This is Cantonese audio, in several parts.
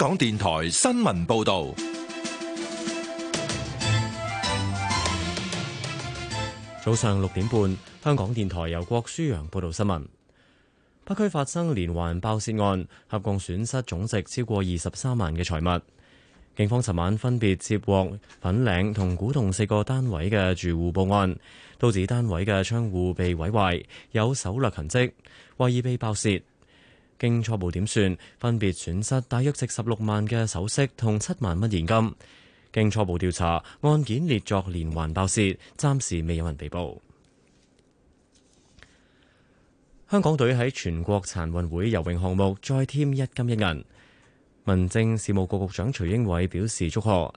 香港電臺新聞報道，早上六點半，香港電臺由郭舒揚報道新聞。北區發生連環爆竊案，合共損失總值超過二十三萬嘅財物。警方尋晚分別接獲粉嶺同古洞四個單位嘅住戶報案，導致單位嘅窗戶被毀壞，有手掠痕跡，懷疑被爆竊。經初步點算，分別損失大約值十六萬嘅首飾同七萬蚊現金。經初步調查，案件列作連環爆竊，暫時未有人被捕。香港隊喺全國殘運會游泳項目再添一金一銀。民政事務局局長徐英偉表示祝賀。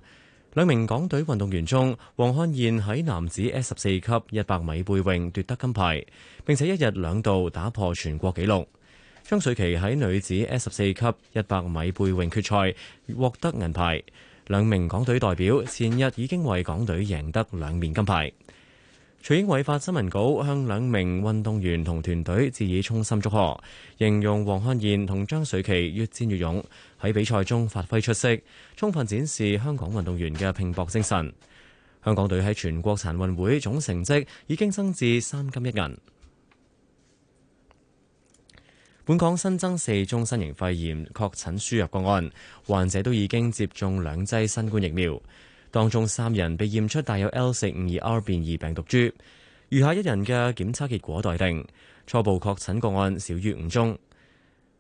兩名港隊運動員中，黃漢燕喺男子 S 十四級一百米背泳奪得金牌，並且一日兩度打破全國紀錄。張瑞琪喺女子 S 十四級一百米背泳決賽獲得銀牌，兩名港隊代表前日已經為港隊贏得兩面金牌。徐英偉發新聞稿向兩名運動員同團隊致以衷心祝賀，形容黃漢燕同張瑞琪越戰越勇，喺比賽中發揮出色，充分展示香港運動員嘅拼搏精神。香港隊喺全國殘運會總成績已經增至三金一銀。本港新增四宗新型肺炎確診輸入個案，患者都已經接種兩劑新冠疫苗。當中三人被驗出帶有 L 四五二 R 變異病毒株，餘下一人嘅檢測結果待定。初步確診個案少於五宗。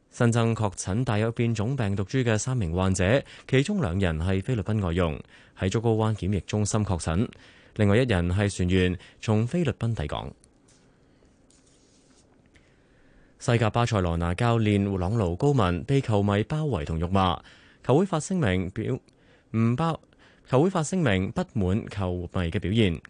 新增確診帶有變種病毒株嘅三名患者，其中兩人係菲律賓外傭，喺竹篙灣檢疫中心確診，另外一人係船員，從菲律賓抵港。西甲巴塞羅那教練朗奴高文被球迷包圍同辱罵，球會發聲明表唔包，球會發聲明不滿球迷嘅表現。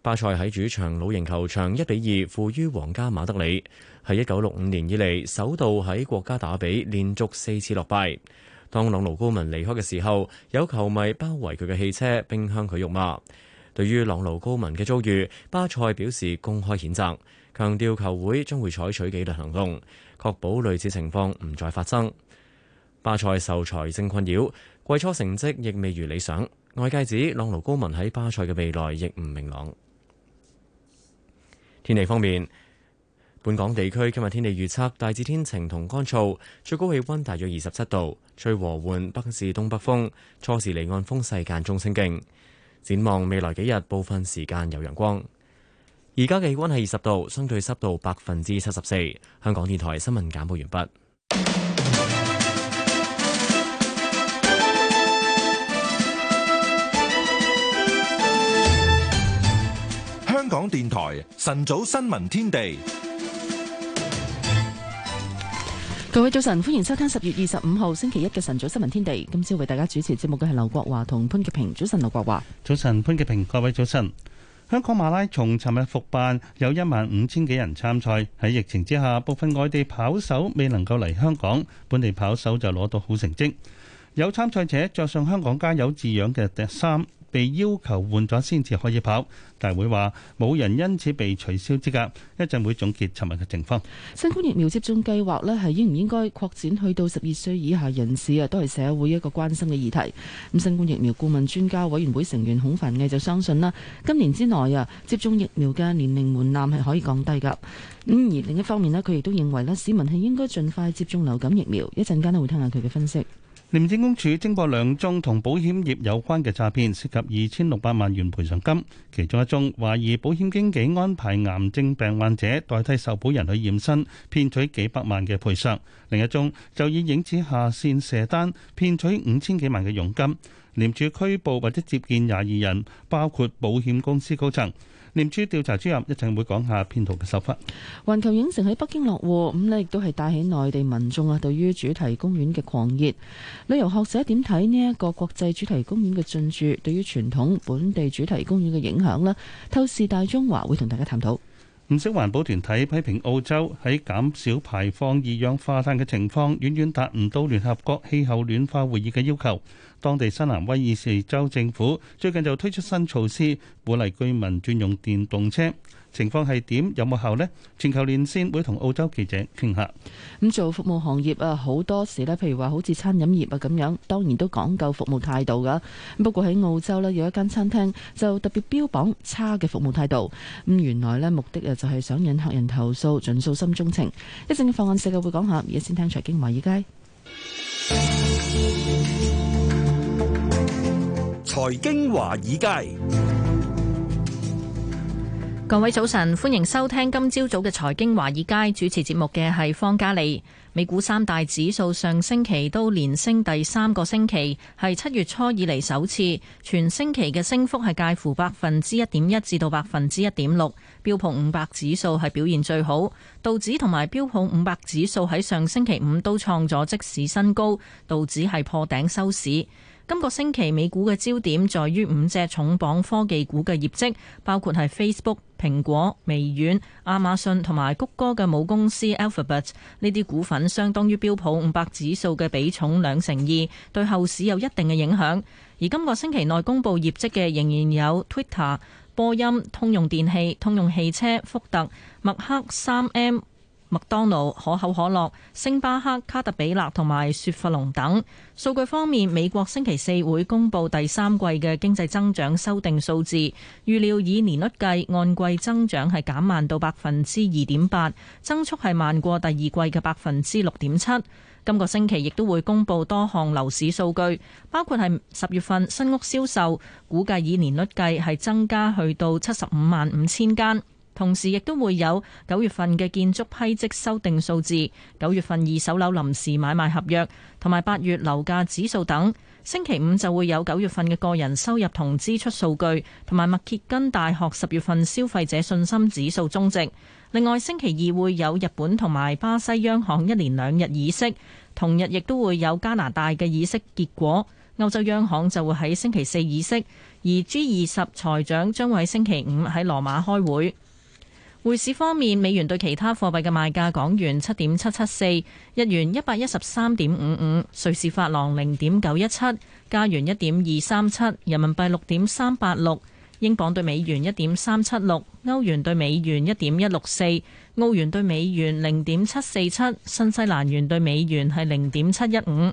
巴塞喺主場老營球場一比二負於皇家馬德里，喺一九六五年以嚟首度喺國家打比，連續四次落敗。當朗奴高文離開嘅時候，有球迷包圍佢嘅汽車，並向佢辱罵。對於朗奴高文嘅遭遇，巴塞表示公開譴責。強調球會將會採取紀律行動，確保類似情況唔再發生。巴塞受財政困擾，季初成績亦未如理想。外界指朗奴高文喺巴塞嘅未來亦唔明朗。天氣方面，本港地區今日天氣預測大致天晴同乾燥，最高氣温大約二十七度，吹和緩北至東北風，初時離岸風勢間中清勁。展望未來幾日，部分時間有陽光。而家嘅氣温係二十度，相對濕度百分之七十四。香港電台新聞簡報完畢。香港電台晨早新聞天地。各位早晨，歡迎收聽十月二十五號星期一嘅晨早新聞天地。今朝為大家主持節目嘅係劉國華同潘潔平。早晨，劉國華。早晨，潘潔平。各位早晨。香港馬拉松尋日復辦，有一萬五千幾人參賽。喺疫情之下，部分外地跑手未能夠嚟香港，本地跑手就攞到好成績。有參賽者着上香港加油字樣嘅衫。被要求換咗先至可以跑。大會話冇人因此被取消資格，一陣會總結尋日嘅情況。新冠疫苗接種計劃咧係應唔應該擴展去到十二歲以下人士啊，都係社會一個關心嘅議題。咁新冠疫苗顧問專家委員會成員孔凡毅就相信啦，今年之內啊，接種疫苗嘅年齡門檻係可以降低㗎。咁而另一方面咧，佢亦都認為咧，市民係應該盡快接種流感疫苗。一陣間都會聽下佢嘅分析。廉政公署偵破兩宗同保險業有關嘅詐騙，涉及二千六百萬元賠償金。其中一宗懷疑保險經紀安排癌症病患者代替受保人去驗身，騙取幾百萬嘅賠償；另一宗就以影子下綫射單，騙取五千幾萬嘅佣金。廉署拘捕或者接見廿二人，包括保險公司高層。廉署調查主任講，一陣會講下騙徒嘅手法。環球影城喺北京落戶，咁咧亦都係帶起內地民眾啊對於主題公園嘅狂熱。旅遊學者點睇呢一個國際主題公園嘅進駐對於傳統本地主題公園嘅影響呢？透視大中華會同大家探討。唔少環保團體批評澳洲喺減少排放二氧化碳嘅情況，遠遠達唔到聯合國氣候暖化會議嘅要求。當地新南威爾士州政府最近就推出新措施，鼓勵居民轉用電動車。情況係點？有冇效呢？全球連線會同澳洲記者傾下。咁做服務行業啊，好多時咧，譬如話好似餐飲業啊咁樣，當然都講究服務態度噶。不過喺澳洲咧，有一間餐廳就特別標榜差嘅服務態度。咁原來咧，目的啊就係想引客人投訴，盡訴心中情。一陣嘅放案世界會講下，而家先聽財經華爾街。財經華爾街，各位早晨，歡迎收聽今朝早嘅財經華爾街，主持節目嘅係方嘉莉。美股三大指數上星期都連升第三個星期，係七月初以嚟首次，全星期嘅升幅係介乎百分之一點一至到百分之一點六。標普五百指數係表現最好，道指同埋標普五百指數喺上星期五都創咗即時新高，道指係破頂收市。今個星期美股嘅焦點在於五隻重磅科技股嘅業績，包括係 Facebook、蘋果、微軟、亞馬遜同埋谷歌嘅母公司 Alphabet 呢啲股份，相當於標普五百指數嘅比重兩成二，對後市有一定嘅影響。而今個星期內公布業績嘅，仍然有 Twitter、波音、通用電器、通用汽車、福特、麥克三 M、麥當勞、可口可樂、星巴克、卡特比勒同埋雪佛龍等。數據方面，美國星期四會公布第三季嘅經濟增長修訂數字，預料以年率計，按季增長係減慢到百分之二點八，增速係慢過第二季嘅百分之六點七。今個星期亦都會公布多項樓市數據，包括係十月份新屋銷售，估計以年率計係增加去到七十五萬五千間。同時亦都會有九月份嘅建築批則修訂數字、九月份二手樓臨時買賣合約同埋八月樓價指數等。星期五就會有九月份嘅個人收入同支出數據，同埋麥歇根大學十月份消費者信心指數終值。另外星期二會有日本同埋巴西央行一連兩日議息，同日亦都會有加拿大嘅議息結果。歐洲央行就會喺星期四議息，而 G 二十財長將會喺星期五喺羅馬開會。匯市方面，美元對其他貨幣嘅賣價：港元七點七七四，日元一百一十三點五五，瑞士法郎零點九一七，加元一點二三七，人民幣六點三八六，英鎊對美元一點三七六，歐元對美元一點一六四，澳元對美元零點七四七，新西蘭元對美元係零點七一五。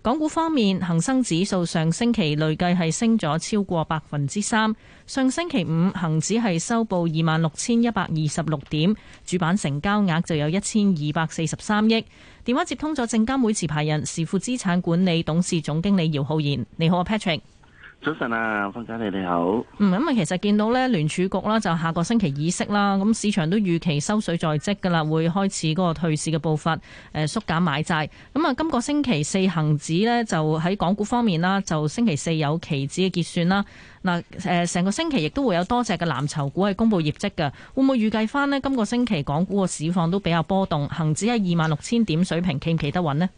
港股方面，恒生指數上星期累計係升咗超過百分之三。上星期五，恆指係收報二萬六千一百二十六點，主板成交額就有一千二百四十三億。電話接通咗證監會持牌人時富資產管理董事總經理姚浩然。你好，Patrick。早晨啊，方仔你你好。嗯，咁啊，其實見到呢聯儲局啦，就下個星期議息啦，咁市場都預期收水在即噶啦，會開始嗰個退市嘅步伐，誒縮減買債。咁、嗯、啊，今個星期四恒指呢，就喺港股方面啦，就星期四有期指嘅結算啦。嗱、呃，誒，成個星期亦都會有多隻嘅藍籌股係公布業績嘅，會唔會預計翻呢？今個星期港股個市況都比較波動，恒指喺二萬六千點水平企唔企得穩呢？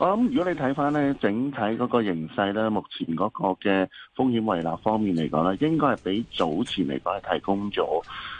我諗如果你睇翻咧，整體嗰個形勢咧，目前嗰個嘅風險胃納方面嚟講咧，應該係比早前嚟講係提供咗，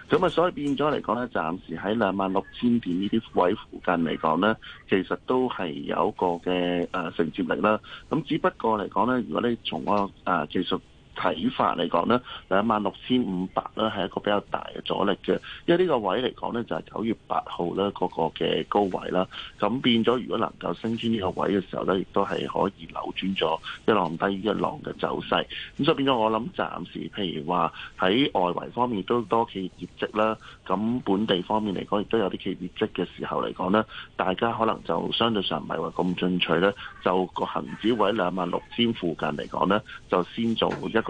咁啊，所以變咗嚟講咧，暫時喺兩萬六千點呢啲位附近嚟講咧，其實都係有一個嘅誒、呃、承接力啦。咁只不過嚟講咧，如果你從個誒技術，睇法嚟講呢，兩萬六千五百呢係一個比較大嘅阻力嘅，因為呢個位嚟講呢就係九月八號呢嗰個嘅高位啦，咁變咗如果能夠升穿呢個位嘅時候呢，亦都係可以扭轉咗一浪低一浪嘅走勢，咁所以變咗我諗暫時譬如話喺外圍方面都多企業業績啦，咁本地方面嚟講亦都有啲企業業績嘅時候嚟講呢，大家可能就相對上唔係話咁進取呢，就個恆指位兩萬六千附近嚟講呢，就先做一個。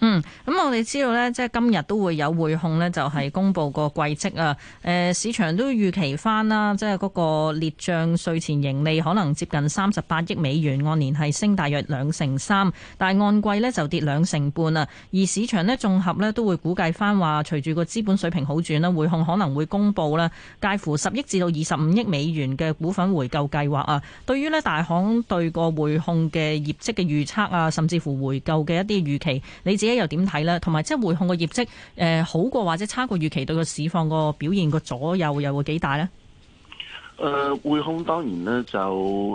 嗯，咁、嗯、我哋知道咧，即係今日都會有匯控咧，就係、是、公布個季績啊。誒，市場都預期翻啦，即係嗰個列賬稅前盈利可能接近三十八億美元，按年係升大約兩成三，但係按季咧就跌兩成半啊。而市場咧綜合咧都會估計翻話，隨住個資本水平好轉咧，匯控可能會公布啦介乎十億至到二十五億美元嘅股份回購計劃啊。對於咧大行對個匯控嘅業績嘅預測啊，甚至乎回購嘅一啲預期，你又點睇咧？同埋即係匯控個業績，誒、呃、好過或者差過預期，對個市況個表現個左右又會幾大呢？誒匯、呃、控當然咧，就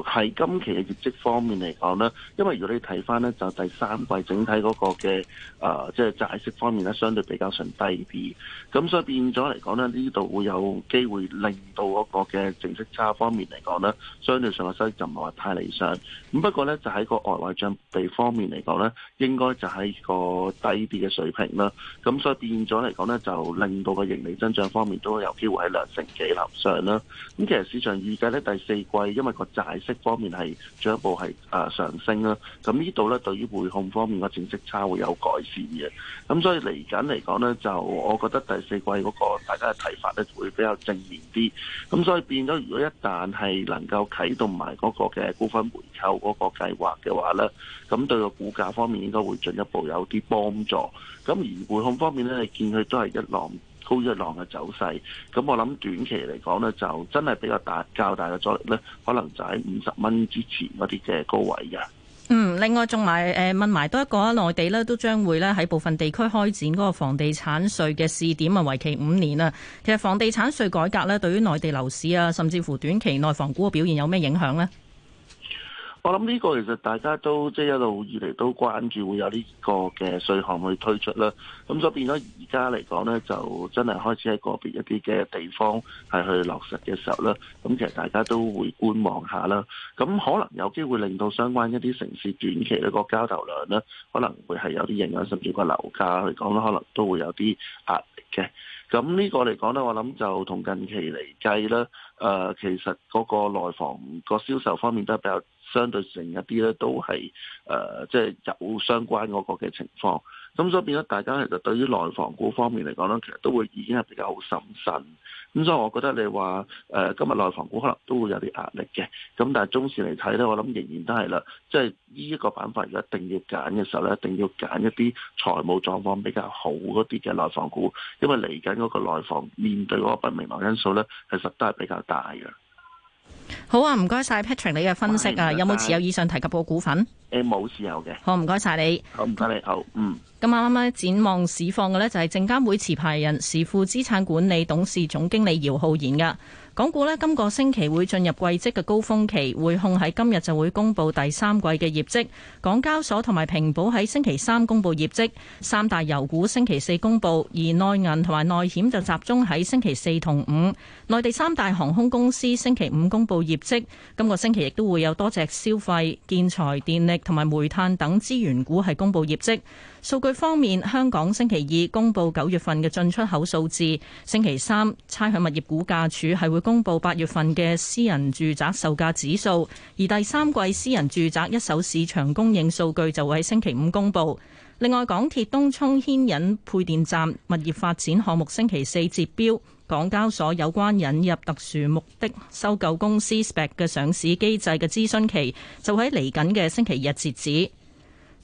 喺今期嘅業績方面嚟講咧，因為如果你睇翻呢，就第三季整體嗰個嘅誒，即、呃、係、就是、債息方面呢，相對比較上低啲，咁所以變咗嚟講呢，呢度會有機會令到嗰個嘅淨息差方面嚟講呢，相對上嘅收益就唔係話太理想。咁不過呢，就喺個外匯帳備方面嚟講呢，應該就喺個低啲嘅水平啦。咁所以變咗嚟講呢，就令到個盈利增長方面都有機會喺兩成幾立上啦。咁其實～市場預計咧第四季，因為個債息方面係進一步係誒、呃、上升啦，咁呢度咧對於匯控方面個淨息差會有改善嘅，咁所以嚟緊嚟講咧，就我覺得第四季嗰個大家嘅睇法咧會比較正面啲，咁所以變咗如果一旦係能夠啟動埋嗰個嘅股份回購嗰個計劃嘅話咧，咁對個股價方面應該會進一步有啲幫助，咁而匯控方面咧係見佢都係一浪高一浪嘅走勢，咁我諗短期嚟講呢，就真係比較大較大嘅阻力呢，可能就喺五十蚊之前嗰啲嘅高位噶。嗯，另外仲埋誒問埋多、呃、一個啊，內地呢都將會呢喺部分地區開展嗰個房地產稅嘅試點啊，為期五年啊。其實房地產稅改革呢，對於內地樓市啊，甚至乎短期內房股嘅表現有咩影響呢？我諗呢個其實大家都即係、就是、一路以嚟都關注，會有呢個嘅稅項去推出啦。咁所以變咗而家嚟講呢，就真係開始喺個別一啲嘅地方係去落實嘅時候呢。咁其實大家都會觀望下啦。咁可能有機會令到相關一啲城市短期一個交投量呢，可能會係有啲影響，甚至個樓價嚟講呢，可能都會有啲壓力嘅。咁呢個嚟講呢，我諗就同近期嚟計咧，誒、呃，其實嗰個內房個銷售方面都係比較。相對性一啲咧，都係誒，即係有相關嗰個嘅情況。咁所以變咗，大家其實對於內房股方面嚟講咧，其實都會已經係比較好謹慎。咁所以，我覺得你話誒、呃，今日內房股可能都會有啲壓力嘅。咁但係中線嚟睇咧，我諗仍然都係啦。即係呢一個板塊，一定要揀嘅時候咧，一定要揀一啲財務狀況比較好嗰啲嘅內房股，因為嚟緊嗰個內房面對嗰個不明朗因素咧，其實都係比較大嘅。好謝謝是啊，唔該晒 Patrick 你嘅分析啊，有冇持有以上提及個股份？誒、呃，冇持有嘅。好，唔該晒你。好、哦，唔該你好。嗯，咁啱啱展望市況嘅呢，就係證監會持牌人時富資產管理董事總經理姚浩然噶。港股咧今個星期會進入季績嘅高峰期，匯控喺今日就會公布第三季嘅業績，港交所同埋平保喺星期三公布業績，三大油股星期四公布，而內銀同埋內險就集中喺星期四同五，內地三大航空公司星期五公布業績。今個星期亦都會有多隻消費、建材、電力同埋煤炭等資源股係公布業績。數據方面，香港星期二公布九月份嘅進出口數字。星期三，差餉物業估價署係會公布八月份嘅私人住宅售價指數。而第三季私人住宅一手市場供應數據就會喺星期五公布。另外，港鐵東涌牽引配電站物業發展項目星期四截標。港交所有關引入特殊目的收購公司 SPAC 嘅上市機制嘅諮詢期就喺嚟緊嘅星期日截止。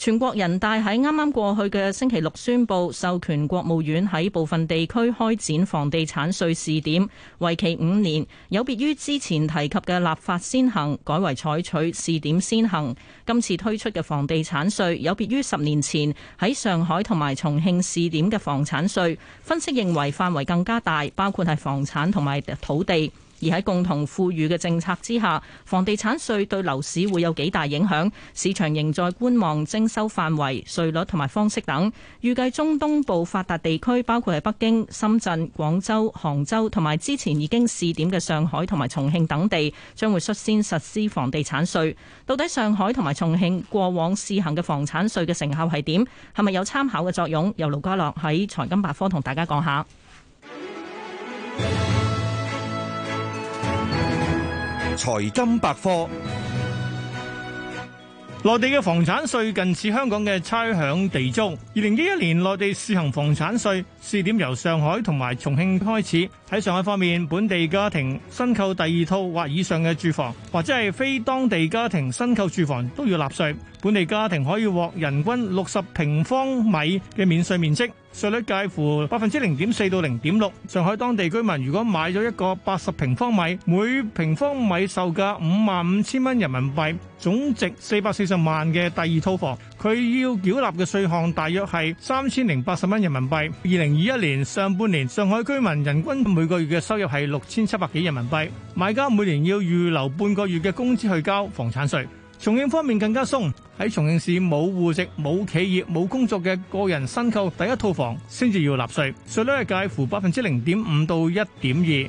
全國人大喺啱啱過去嘅星期六宣布授權國務院喺部分地區開展房地產稅試點，為期五年。有別於之前提及嘅立法先行，改為採取試點先行。今次推出嘅房地產稅有別於十年前喺上海同埋重慶試點嘅房產稅，分析認為範圍更加大，包括係房產同埋土地。而喺共同富裕嘅政策之下，房地產稅對樓市會有幾大影響？市場仍在觀望徵收範圍、稅率同埋方式等。預計中東部發達地區包括喺北京、深圳、廣州、杭州同埋之前已經試點嘅上海同埋重慶等地，將會率先實施房地產稅。到底上海同埋重慶過往試行嘅房產稅嘅成效係點？係咪有參考嘅作用？由盧家樂喺財金百科同大家講下。財金百科，內地嘅房產稅近似香港嘅差餉地租。二零一一年內地試行房產稅。試點由上海同埋重慶開始。喺上海方面，本地家庭新購第二套或以上嘅住房，或者係非當地家庭新購住房都要納稅。本地家庭可以獲人均六十平方米嘅免稅面積，稅率介乎百分之零點四到零點六。上海當地居民如果買咗一個八十平方米，每平方米售價五萬五千蚊人民幣，總值四百四十萬嘅第二套房，佢要繳納嘅稅項大約係三千零八十蚊人民幣二零二一年上半年，上海居民人均每個月嘅收入係六千七百幾人民幣，買家每年要預留半個月嘅工資去交房產稅。重慶方面更加鬆，喺重慶市冇戶籍、冇企業、冇工作嘅個人申購第一套房先至要納稅，稅率係介乎百分之零點五到一點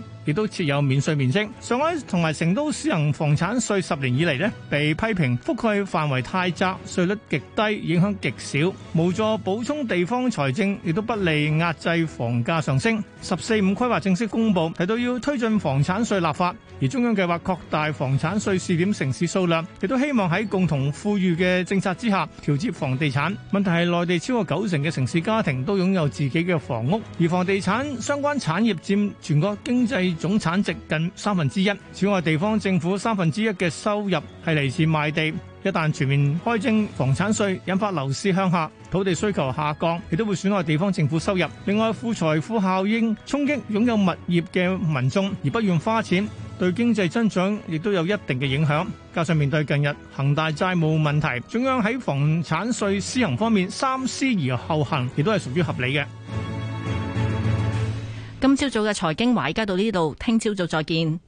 二。亦都設有免稅面積，上海同埋成都施行房產稅十年以嚟呢，被批評覆蓋範圍太窄，稅率極低，影響極少，無助補充地方財政，亦都不利壓制房價上升。十四五規劃正式公布，提到要推進房產稅立法，而中央計劃擴大房產稅試點城市數量，亦都希望喺共同富裕嘅政策之下調節房地產。問題係內地超過九成嘅城市家庭都擁有自己嘅房屋，而房地產相關產業佔全國經濟。總產值近三分之一，此外地方政府三分之一嘅收入係嚟自賣地。一旦全面開徵房產稅，引發樓市向下，土地需求下降，亦都會損害地方政府收入。另外，負財富效應衝擊擁有物業嘅民眾而不願花錢，對經濟增長亦都有一定嘅影響。加上面對近日恒大債務問題，中央喺房產稅施行方面三思而後行，亦都係屬於合理嘅。今朝早嘅財經話，而家到呢度，聽朝早，再見。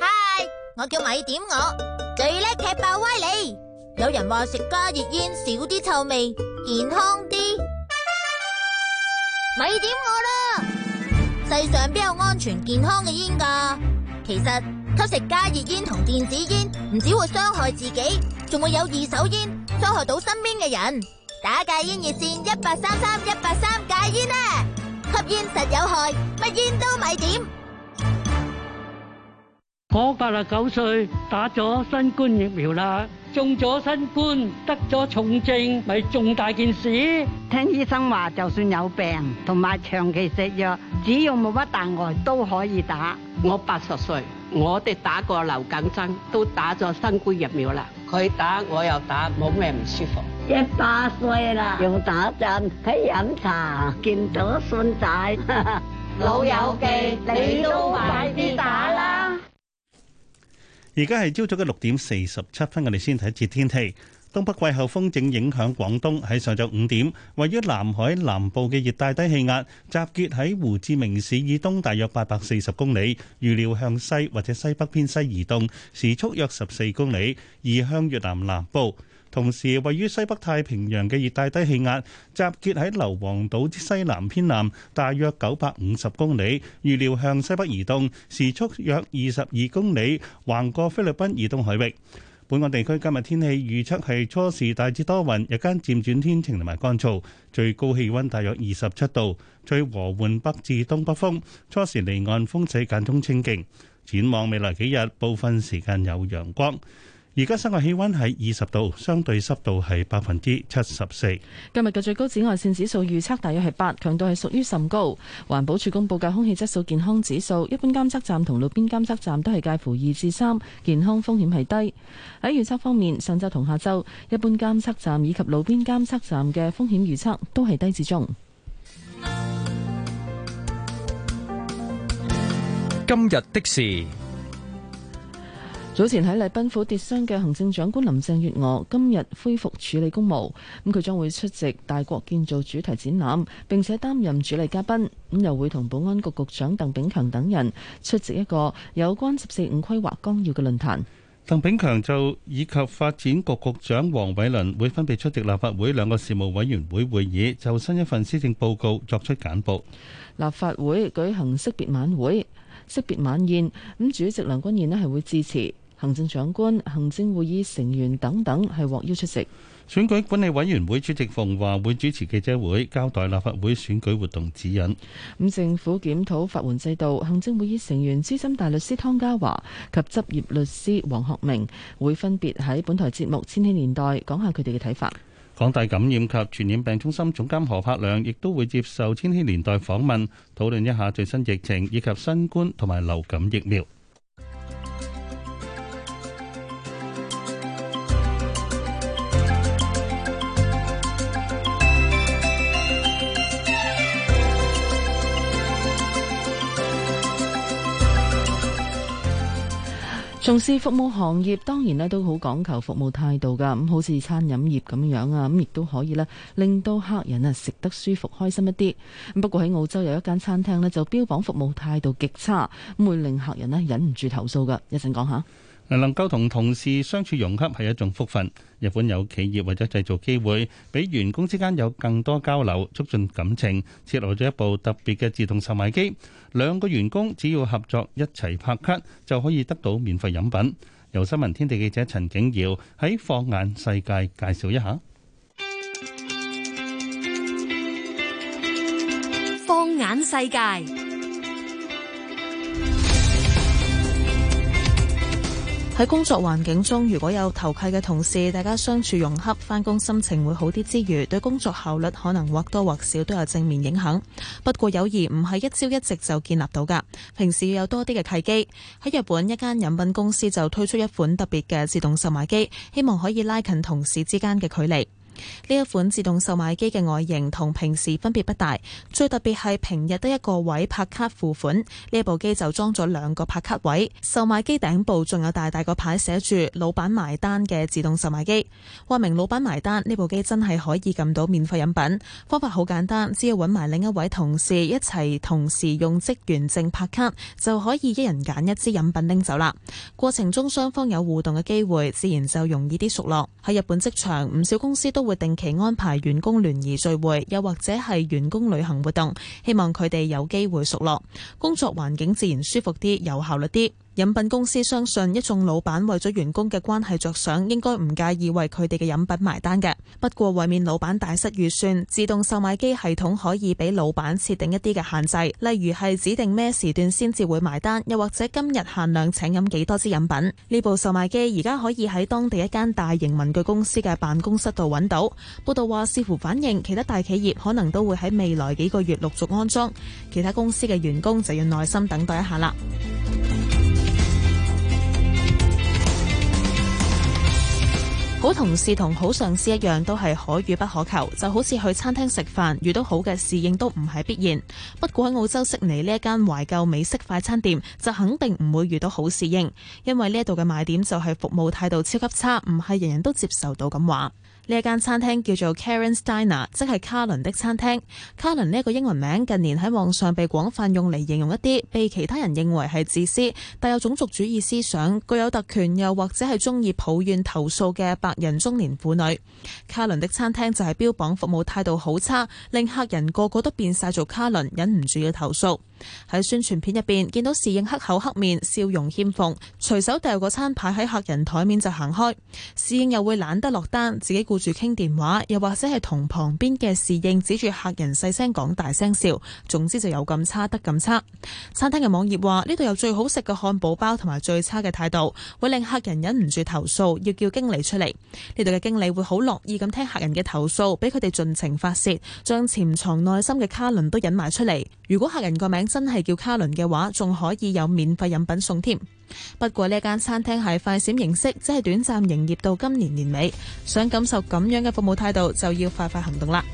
嗨，我叫米點我，最叻踢爆威利。有人話食加熱煙少啲臭味，健康啲。米點我啦！世上邊有安全健康嘅煙噶？其實吸食加熱煙同電子煙唔只會傷害自己，仲會有二手煙傷害到身邊嘅人。打戒煙熱線一八三三一八三戒煙啊！吸煙實有害，乜煙都咪點。我八十九歲打咗新冠疫苗啦，中咗新冠得咗重症咪重大件事。聽醫生話，就算有病同埋長期食藥，只要冇乜大礙都可以打。我八十歲，我哋打過流感針，都打咗新冠疫苗啦。佢打我又打，冇咩唔舒服。一八歲啦，用打針、睇飲茶，見到孫仔，老友記，你都快啲打啦！而家係朝早嘅六點四十七分，我哋先睇一節天氣。東北季候風正影響廣東，喺上晝五點，位於南海南部嘅熱帶低氣壓集結喺胡志明市以東大約八百四十公里，預料向西或者西北偏西移動，時速約十四公里，移向越南南部。同時，位於西北太平洋嘅熱帶低氣壓集結喺硫磺島之西南偏南，大約九百五十公里，預料向西北移動，時速約二十二公里，橫過菲律賓以東海域。本港地區今日天氣預測係初時大致多雲，日間漸轉天晴同埋乾燥，最高氣溫大約二十七度，吹和緩北至東北風，初時離岸風勢間中清勁。展望未來幾日，部分時間有陽光。而家室外氣溫係二十度，相對濕度係百分之七十四。今日嘅最高紫外線指數預測大約係八，強度係屬於甚高。環保署公布嘅空氣質素健康指數，一般監測站同路邊監測站都係介乎二至三，健康風險係低。喺預測方面，上晝同下晝，一般監測站以及路邊監測站嘅風險預測都係低至中。今日的事。早前喺禮賓府跌傷嘅行政長官林鄭月娥，今日恢復處理公務，咁佢將會出席大國建造主題展覽，並且擔任主禮嘉賓，咁又會同保安局局長鄧炳強等人出席一個有關十四五規劃綱要嘅論壇。鄧炳強就以及發展局局長黃偉倫會分別出席立法會兩個事務委員會會議，就新一份施政報告作出簡報。立法會舉行識別晚會、識別晚宴，咁主席梁君彥呢係會致辭。行政長官、行政會議成員等等係獲邀出席。選舉管理委員會主席馮華會主持記者會，交代立法會選舉活動指引。咁政府檢討法援制度，行政會議成員資深大律師湯家驊及執業律師黃鶴明會分別喺本台節目《千禧年代》講下佢哋嘅睇法。港大感染及傳染病中心總監何柏良亦都會接受《千禧年代》訪問，討論一下最新疫情以及新冠同埋流感疫苗。從事服務行業，當然咧都好講求服務態度噶咁，好似餐飲業咁樣啊，咁亦都可以咧令到客人啊食得舒服開心一啲。咁不過喺澳洲有一間餐廳咧就標榜服務態度極差，咁會令客人咧忍唔住投訴噶。講一陣講下。能夠同同事相處融洽係一種福分。日本有企業為咗製造機會，俾員工之間有更多交流，促進感情，設立咗一部特別嘅自動售賣機。兩個員工只要合作一齊拍卡，就可以得到免費飲品。由新聞天地記者陳景瑤喺放眼世界介紹一下。放眼世界。喺工作環境中，如果有投契嘅同事，大家相處融洽，返工心情會好啲之餘，對工作效率可能或多或少都有正面影響。不過友誼唔係一朝一夕就建立到㗎，平時要有多啲嘅契機。喺日本，一間飲品公司就推出一款特別嘅自動售賣機，希望可以拉近同事之間嘅距離。呢一款自動售賣機嘅外形同平時分別不大，最特別係平日得一個位拍卡付款，呢一部機就裝咗兩個拍卡位。售賣機頂部仲有大大個牌寫住「老闆埋單」嘅自動售賣機，話明老闆埋單呢部機真係可以撳到免費飲品。方法好簡單，只要搵埋另一位同事一齊同時用職員證拍卡，就可以一人揀一支飲品拎走啦。過程中雙方有互動嘅機會，自然就容易啲熟絡。喺日本職場，唔少公司都會定期安排員工聯誼聚會，又或者係員工旅行活動，希望佢哋有機會熟絡，工作環境自然舒服啲，有效率啲。飲品公司相信，一眾老闆為咗員工嘅關係着想，應該唔介意為佢哋嘅飲品埋單嘅。不過，為免老闆大失預算，自動售賣機系統可以俾老闆設定一啲嘅限制，例如係指定咩時段先至會埋單，又或者今日限量請飲幾多支飲品。呢部售賣機而家可以喺當地一間大型文具公司嘅辦公室度揾到。報道話，視乎反映其他大企業可能都會喺未來幾個月陸續安裝，其他公司嘅員工就要耐心等待一下啦。好同事同好上司一樣，都係可遇不可求。就好似去餐廳食飯，遇到好嘅侍應都唔係必然。不過喺澳洲悉尼呢一間懷舊美式快餐店，就肯定唔會遇到好侍應，因為呢度嘅賣點就係服務態度超級差，唔係人人都接受到咁話。呢一間餐廳叫做 Karen's Diner，即係卡倫的餐廳。卡倫呢一個英文名近年喺網上被廣泛用嚟形容一啲被其他人認為係自私、帶有種族主義思想、具有特權又或者係中意抱怨投訴嘅白人中年婦女。卡倫的餐廳就係標榜服務態度好差，令客人個個都變晒做卡倫，忍唔住要投訴。喺宣傳片入邊見到侍應黑口黑面，笑容欠奉，隨手掉個餐牌喺客人台面就行開。侍應又會懶得落單，自己顧住傾電話，又或者係同旁邊嘅侍應指住客人細聲講，大聲笑。總之就有咁差得咁差。餐廳嘅網頁話呢度有最好食嘅漢堡包，同埋最差嘅態度，會令客人忍唔住投訴，要叫經理出嚟。呢度嘅經理會好樂意咁聽客人嘅投訴，俾佢哋盡情發洩，將潛藏內心嘅卡倫都引埋出嚟。如果客人個名，真係叫卡倫嘅話，仲可以有免費飲品送添。不過呢間餐廳係快閃形式，即係短暫營業到今年年尾。想感受咁樣嘅服務態度，就要快快行動啦。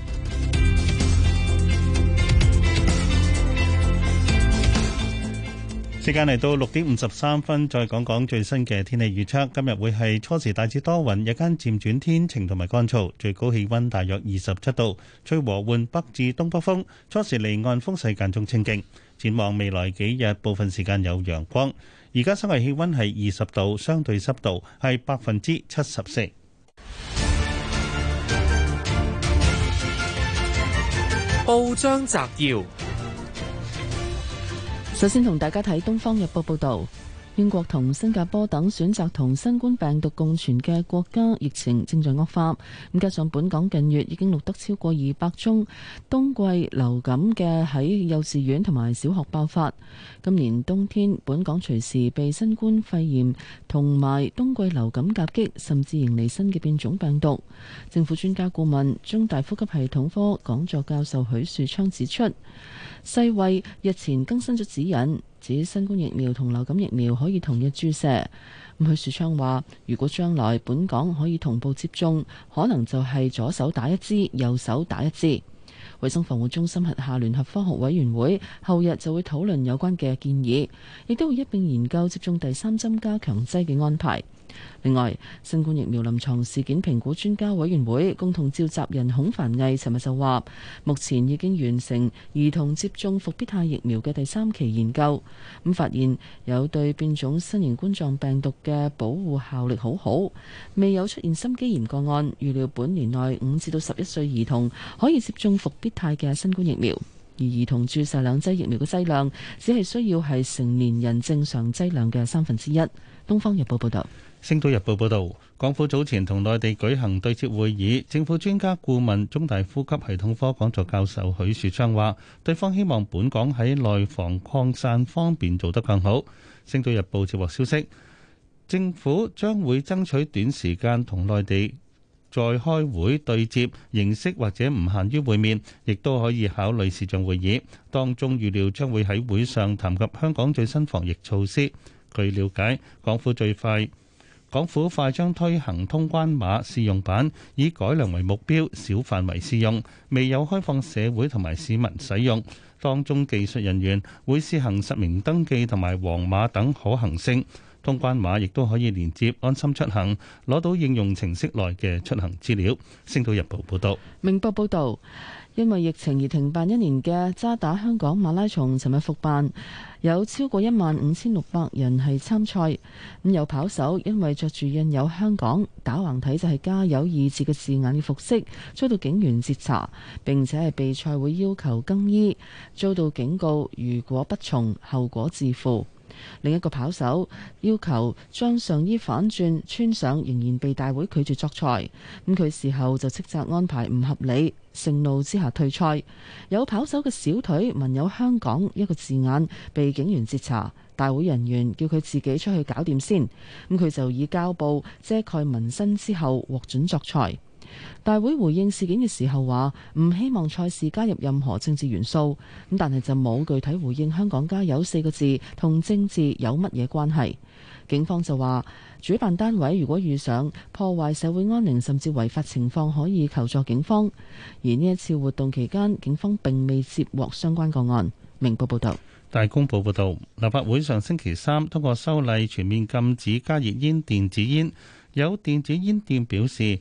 時間嚟到六點五十三分，再講講最新嘅天氣預測。今日會係初時大致多雲，日間漸轉天晴同埋乾燥，最高氣溫大約二十七度，吹和緩北至東北風，初時離岸風勢間中清勁。展望未來幾日，部分時間有陽光。而家室外氣温係二十度，相對濕度係百分之七十四。報章摘要，首先同大家睇《東方日報》報導。英國同新加坡等選擇同新冠病毒共存嘅國家，疫情正在惡化。咁加上本港近月已經錄得超過二百宗冬季流感嘅喺幼稚園同埋小學爆發。今年冬天本港隨時被新冠肺炎同埋冬季流感夾擊，甚至迎嚟新嘅變種病毒。政府專家顧問、中大呼吸系統科講座教授許樹昌指出，世衛日前更新咗指引。指新冠疫苗同流感疫苗可以同一注射。咁許樹昌話：如果將來本港可以同步接種，可能就係左手打一支，右手打一支。衛生防護中心轄下聯合科學委員會後日就會討論有關嘅建議，亦都會一並研究接種第三針加強劑嘅安排。另外，新冠疫苗臨床事件評估專家委員會共同召集人孔凡毅，尋日就話目前已經完成兒童接種復必泰疫苗嘅第三期研究，咁發現有對變種新型冠狀病毒嘅保護效力好好，未有出現心肌炎個案。預料本年內五至到十一歲兒童可以接種復必泰嘅新冠疫苗，而兒童注射兩劑疫苗嘅劑量只係需要係成年人正常劑量嘅三分之一。《東方日報》報道。《星島日報》報導，港府早前同內地舉行對接會議。政府專家顧問、中大呼吸系統科講座教授許樹昌話，對方希望本港喺內防擴散方面做得更好。《星島日報》接獲消息，政府將會爭取短時間同內地再開會對接，形式或者唔限於會面，亦都可以考慮視像會議。當中預料將會喺會上談及香港最新防疫措施。據了解，港府最快。港府快將推行通關碼試用版，以改良為目標，小範圍試用，未有開放社會同埋市民使用。當中技術人員會試行實名登記同埋黃碼等可行性。通關碼亦都可以連接安心出行，攞到應用程式內嘅出行資料。星島日報報道。明報報道。因為疫情而停辦一年嘅渣打香港馬拉松，尋日復辦，有超過一萬五千六百人係參賽。咁有跑手因為着住印有香港打橫睇就係加油「意志」嘅字眼嘅服飾，遭到警員截查，並且係被賽會要求更衣，遭到警告，如果不從，後果自負。另一個跑手要求將上衣反轉穿上，仍然被大會拒絕作賽。咁佢事後就斥責安排唔合理，盛怒之下退賽。有跑手嘅小腿紋有香港一個字眼，被警員截查，大會人員叫佢自己出去搞掂先。咁、嗯、佢就以膠布遮蓋紋身之後獲准作賽。大會回應事件嘅時候話，唔希望賽事加入任何政治元素，咁但係就冇具體回應香港加油四個字同政治有乜嘢關係。警方就話主辦單位如果遇上破壞社會安寧甚至違法情況，可以求助警方。而呢一次活動期間，警方並未接獲相關個案。明報報道，大公報報道，立法會上星期三通過修例全面禁止加熱煙電子煙，有電子煙店表示。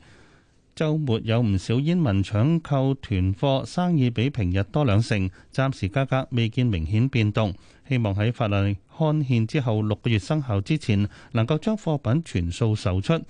周末有唔少煙民搶購囤貨，生意比平日多兩成。暫時價格未見明顯變動，希望喺法例刊憲之後六個月生效之前，能夠將貨品全數售出。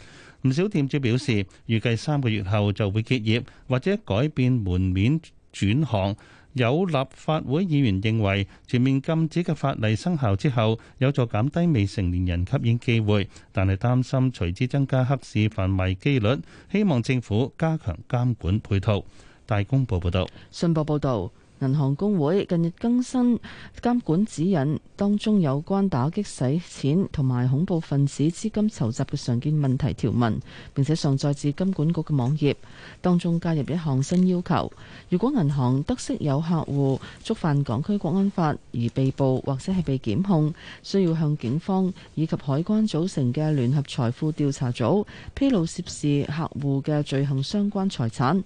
唔少店主表示，預計三個月後就會結業，或者改變門面轉行。有立法會議員認為，全面禁止嘅法例生效之後，有助減低未成年人吸煙機會，但係擔心隨之增加黑市販賣機率，希望政府加強監管配套。大公報報道。信報報導。銀行公會近日更新監管指引，當中有關打擊洗錢同埋恐怖分子資金籌集嘅常見問題條文，並且上載至金管局嘅網頁，當中加入一項新要求：如果銀行得悉有客戶觸犯港區國安法而被捕或者係被檢控，需要向警方以及海關組成嘅聯合財富調查組披露涉事客戶嘅罪行相關財產。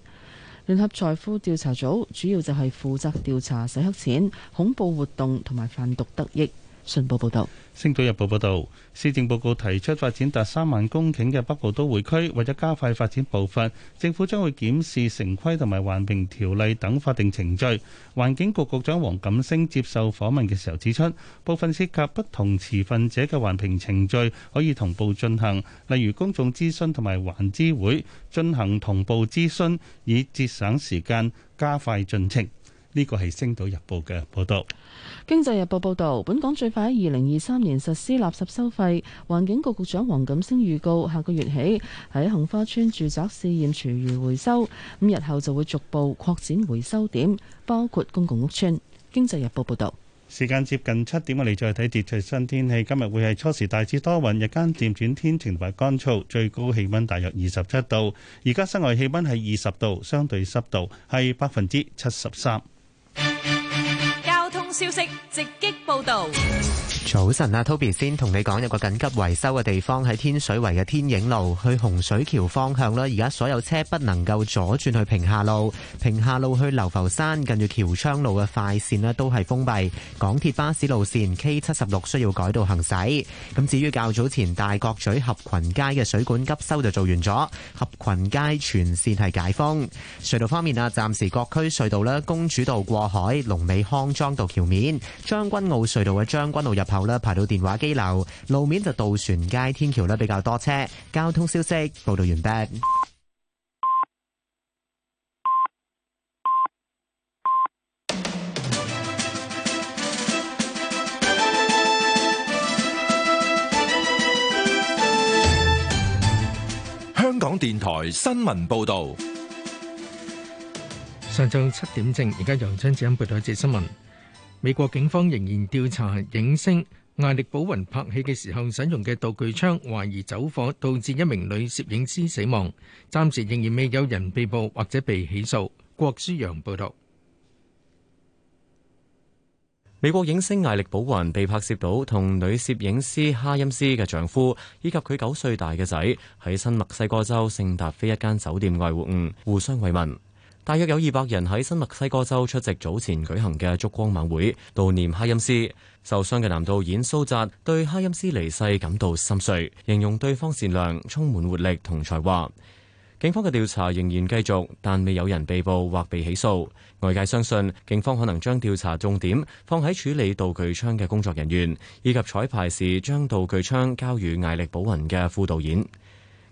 聯合財富調查組主要就係負責調查洗黑錢、恐怖活動同埋販毒得益。信報報道：《星島日報》報道，施政報告提出發展達三萬公頃嘅北部都會區，為咗加快發展步伐，政府將會檢視城規同埋環評條例等法定程序。環境局局長黃錦星接受訪問嘅時候指出，部分涉及不同持份者嘅環評程序可以同步進行，例如公眾諮詢同埋環諮會進行同步諮詢，以節省時間，加快進程。呢個係《星島日報,報道》嘅報導。經濟日報報道，本港最快喺二零二三年實施垃圾收費。環境局局長黃錦星預告，下個月起喺杏花村住宅試驗廚餘回收，咁日後就會逐步擴展回收點，包括公共屋邨。經濟日報報道，時間接近七點，我哋再睇吓最新天氣。今日會係初時大致多雲，日間漸轉天晴及乾燥，最高氣溫大約二十七度。而家室外氣溫係二十度，相對濕度係百分之七十三。消息直擊報道。早晨啊，Toby 先同你講，有個緊急維修嘅地方喺天水圍嘅天影路去洪水橋方向啦。而家所有車不能夠左轉去平下路，平下路去流浮山近住橋昌路嘅快線呢都係封閉。港鐵巴士路線 K76 需要改道行駛。咁至於較早前大角咀合群街嘅水管急修就做完咗，合群街全線係解封。隧道方面啊，暫時各區隧道啦，公主道過海、龍尾康莊道橋。面將軍澳隧道嘅將軍澳入口咧排到電話機樓，路面就渡船街天橋咧比較多車。交通消息報道完畢。香港電台新聞報道，上晝七點正，而家由張子欣報道一節新聞。美國警方仍然調查影星艾力寶雲拍戲嘅時候使用嘅道具槍，懷疑走火導致一名女攝影師死亡。暫時仍然未有人被捕或者被起訴。郭書陽報道。美國影星艾力寶雲被拍攝到同女攝影師哈欽斯嘅丈夫以及佢九歲大嘅仔喺新墨西哥州聖達菲一間酒店外會晤，互相慰問。大約有二百人喺新墨西哥州出席早前舉行嘅燭光晚會悼念哈欽斯。受傷嘅男導演蘇澤對哈欽斯離世感到心碎，形容對方善良、充滿活力同才華。警方嘅調查仍然繼續，但未有人被捕或被起訴。外界相信警方可能將調查重點放喺處理道具槍嘅工作人員，以及彩排時將道具槍交予艾力保雲嘅副導演。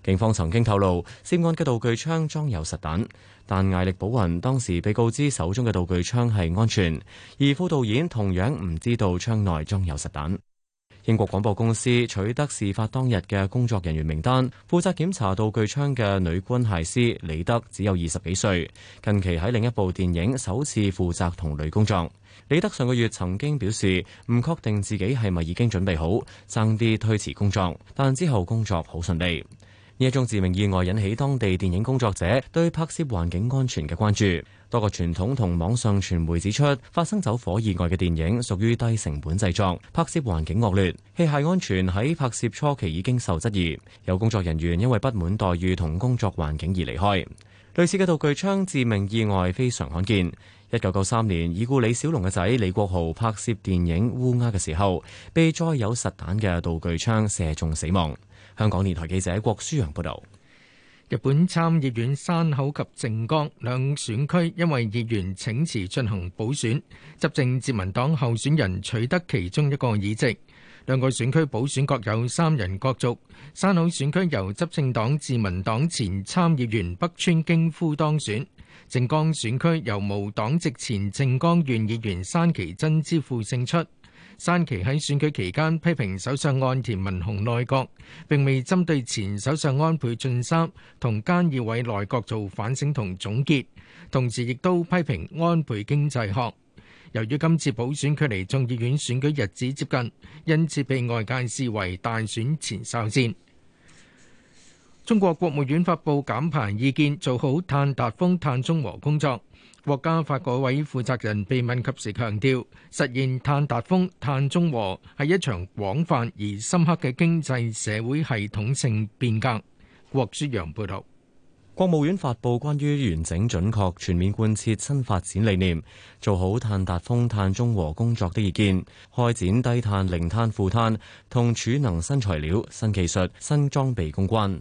警方曾經透露，涉案嘅道具槍裝有實彈，但艾力保雲當時被告知手中嘅道具槍係安全，而副導演同樣唔知道槍內裝有實彈。英國廣播公司取得事發當日嘅工作人員名單，負責檢查道具槍嘅女軍械師李德只有二十幾歲，近期喺另一部電影首次負責同類工作。李德上個月曾經表示唔確定自己係咪已經準備好，爭啲推遲工作，但之後工作好順利。呢一宗致命意外引起當地電影工作者對拍攝環境安全嘅關注。多個傳統同網上傳媒指出，發生走火意外嘅電影屬於低成本製作，拍攝環境惡劣，器械安全喺拍攝初期已經受質疑。有工作人員因為不滿待遇同工作環境而離開。類似嘅道具槍致命意外非常罕見。一九九三年，已故李小龍嘅仔李國豪拍攝電影《烏鴉》嘅時候，被載有實彈嘅道具槍射中死亡。香港電台記者郭舒陽報道。日本參議院山口及靜岡兩選區因為議員請辭進行補選，執政自民黨候選人取得其中一個議席。兩個選區補選各有三人角逐。山口選區由執政黨自民黨前參議員北村京夫當選，靜岡選區由無黨籍前靜岡縣議員山崎真之夫勝出。山崎喺選舉期間批評首相岸田文雄內閣，並未針對前首相安倍晉三同菅義偉內閣做反省同總結，同時亦都批評安倍經濟學。由於今次補選距離眾議院選舉日子接近，因此被外界視為大選前哨戰。中國國務院發布減排意見，做好碳達峰、碳中和工作。國家發改委負責人被問及時強調，實現碳達峰、碳中和係一場廣泛而深刻嘅經濟社會系統性變革。郭舒陽報道，國務院發布關於完整準確全面貫徹新發展理念，做好碳達峰、碳中和工作的意見，開展低碳、零碳、負碳同儲能新材料、新技術、新裝備攻關。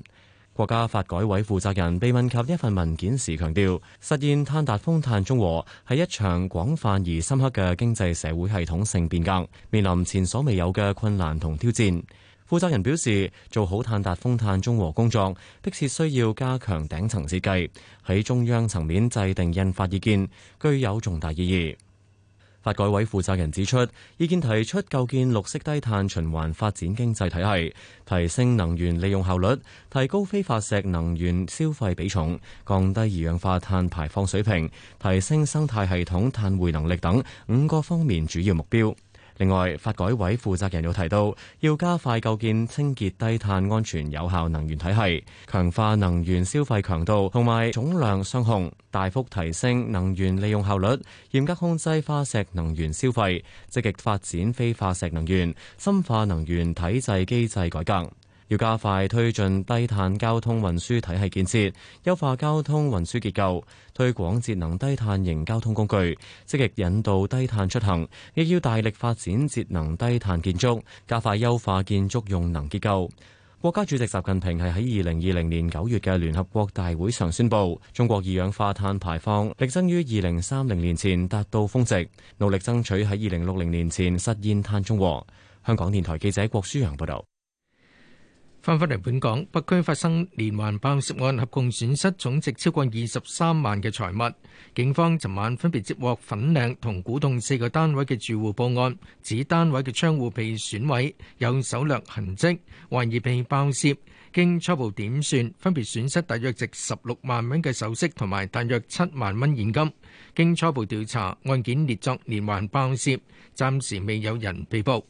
國家發改委負責人被問及一份文件時強調，強調實現碳達峰、碳中和係一場廣泛而深刻嘅經濟社會系統性變革，面臨前所未有嘅困難同挑戰。負責人表示，做好碳達峰、碳中和工作，迫切需要加強頂層設計，喺中央層面制定印發意見，具有重大意義。發改委負責人指出，意見提出，構建綠色低碳循環發展經濟體系，提升能源利用效率，提高非化石能源消費比重，降低二氧化碳排放水平，提升生態系統碳匯能力等五個方面主要目標。另外，發改委負責人又提到，要加快構建清潔低碳安全有效能源體系，強化能源消費強度同埋總量雙控，大幅提升能源利用效率，嚴格控制化石能源消費，積極發展非化石能源，深化能源體制機制改革。要加快推進低碳交通運輸體系建設，優化交通運輸結構，推廣節能低碳型交通工具，積極引導低碳出行。亦要大力發展節能低碳建築，加快優化建築用能結構，國家主席習近平係喺二零二零年九月嘅聯合國大會上宣布，中國二氧化碳排放力爭於二零三零年前達到峰值，努力爭取喺二零六零年前實現碳中和。香港電台記者郭舒陽報道。翻返嚟本港，北區發生連環爆竊案，合共損失總值超過二十三萬嘅財物。警方尋晚分別接獲粉嶺同古洞四個單位嘅住戶報案，指單位嘅窗戶被損毀，有手掠痕跡，懷疑被爆竊。經初步點算，分別損失大約值十六萬蚊嘅首飾同埋大約七萬蚊現金。經初步調查，案件列作連環爆竊，暫時未有人被捕。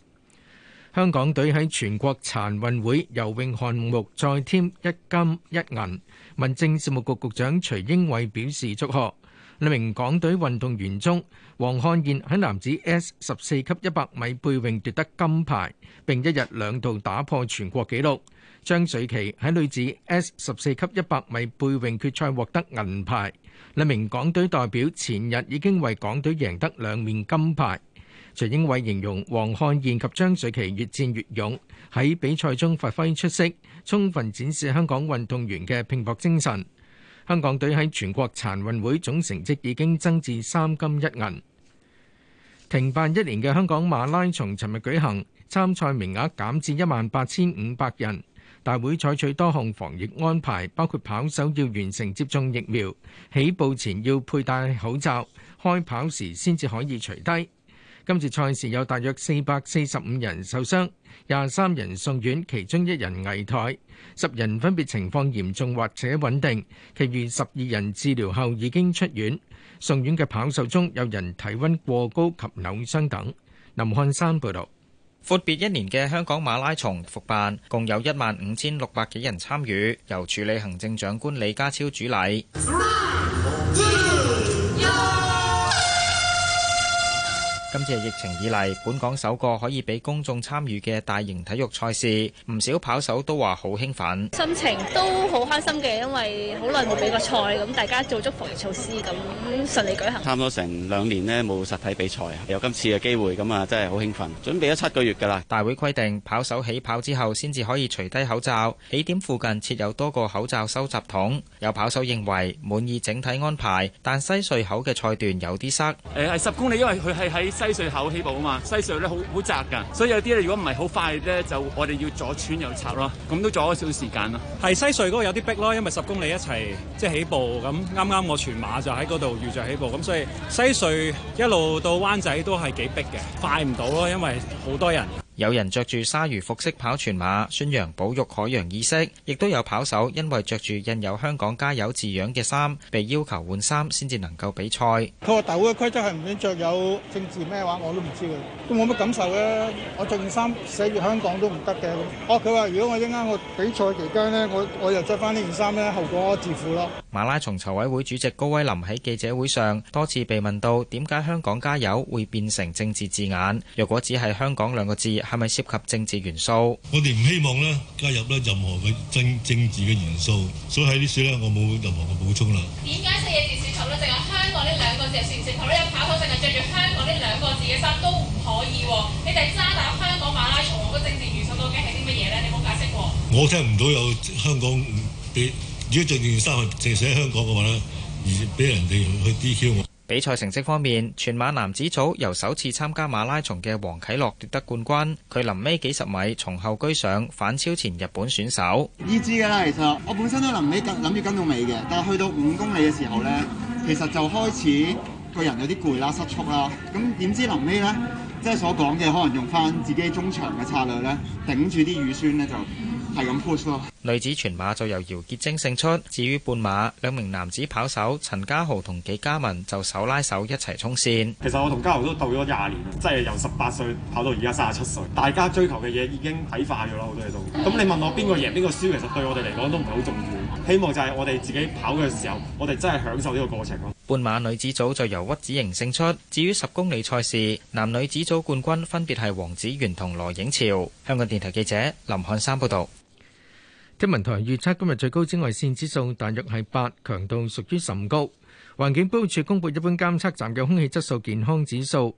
香港隊喺全國殘運會游泳項目再添一金一銀，民政事務局局長徐英偉表示祝賀。兩名港隊運動員中，黃漢燕喺男子 S 十四級一百米背泳奪、奪得金牌，並一日兩度打破全國紀錄；張水琪喺女子 S 十四級一百米背泳決賽獲得銀牌。兩名港隊代表前日已經為港隊贏得兩面金牌。徐英偉形容黃漢燕及張水琪越戰越勇，喺比賽中發揮出色，充分展示香港運動員嘅拼搏精神。香港隊喺全國殘運會總成績已經增至三金一銀。停辦一年嘅香港馬拉松尋日舉行，參賽名額減至一萬八千五百人。大會採取多項防疫安排，包括跑手要完成接種疫苗，起步前要佩戴口罩，開跑時先至可以除低。今次賽事有大約四百四十五人受傷，廿三人送院，其中一人危殆，十人分別情況嚴重或者穩定，其餘十二人治療後已經出院。送院嘅跑手中有人體溫過高及扭傷等。林漢山報道。闊別一年嘅香港馬拉松復辦，共有一萬五千六百幾人參與，由署理行政長官李家超主禮。啊今次疫情以嚟，本港首個可以俾公眾參與嘅大型體育賽事，唔少跑手都話好興奮，心情都好開心嘅，因為好耐冇比過賽，咁大家做足防疫措施，咁、嗯、順利舉行。差唔多成兩年呢，冇實體比賽啊，有今次嘅機會，咁啊真係好興奮。準備咗七個月㗎啦。大會規定跑手起跑之後先至可以除低口罩，起點附近設有多個口罩收集桶。有跑手認為滿意整體安排，但西隧口嘅賽段有啲塞。哎、係十公里，因為佢係喺。西隧口起步啊嘛，西隧咧好好窄噶，所以有啲咧如果唔係好快咧，就我哋要左穿右插咯，咁都阻咗少少時間咯。係西隧嗰個有啲逼咯，因為十公里一齊即係起步，咁啱啱我全馬就喺嗰度預着起步，咁所以西隧一路到灣仔都係幾逼嘅，快唔到咯，因為好多人。有人着住鯊魚服飾跑全馬，宣揚保育海洋意識；亦都有跑手因為着住印有香港加油字樣嘅衫，被要求換衫先至能夠比賽。佢話大會嘅規則係唔準着有政治咩話，我都唔知嘅，都冇乜感受嘅。我着件衫寫住香港都唔得嘅。哦，佢話如果我一啱我比賽期間呢，我我又着翻呢件衫呢，後果自負啦。馬拉松籌委會主席高威林喺記者會上多次被問到點解香港加油會變成政治字眼？若果只係香港兩個字。係咪涉及政治元素？我哋唔希望咧加入咧任何嘅政政治嘅元素，所以喺呢處咧，我冇任何嘅補充啦。點解出嘢電視台咧淨係香港呢兩個字嘅電視台咧有跑手淨係著住香港呢兩個字嘅衫都唔可以？你哋渣打香港馬拉松，個政治元素究竟係啲乜嘢咧？你冇解釋喎。我聽唔到有香港俾如果著件衫係淨寫喺香港嘅話咧，而俾人哋去 DQ 我。比賽成績方面，全馬男子組由首次參加馬拉松嘅黃啟樂奪得冠軍。佢臨尾幾十米從後居上，反超前日本選手。依知嘅啦，其實我本身都臨尾諗住跟到尾嘅，但係去到五公里嘅時候咧，其實就開始個人有啲攰啦、失速啦。咁點知臨尾咧，即係所講嘅可能用翻自己中場嘅策略咧，頂住啲乳酸咧就。係咁，女子全馬就由姚潔晶勝出。至於半馬，兩名男子跑手陳家豪同紀嘉文就手拉手一齊衝線。其實我同家豪都到咗廿年，即係由十八歲跑到而家三十七歲。大家追求嘅嘢已經睇化咗啦，好多嘢都。咁你問我邊個贏邊個輸，其實對我哋嚟講都唔係好重要。希望就係我哋自己跑嘅時候，我哋真係享受呢個過程咯。半馬女子組就由屈子瑩勝出。至於十公里賽事，男女子組冠軍分別係黃子源同羅影潮。香港電台記者林漢山報導。天文台預測今日最高紫外線指數大約係八，強度屬於甚高。環境保護署公布一般監測站嘅空氣質素健康指數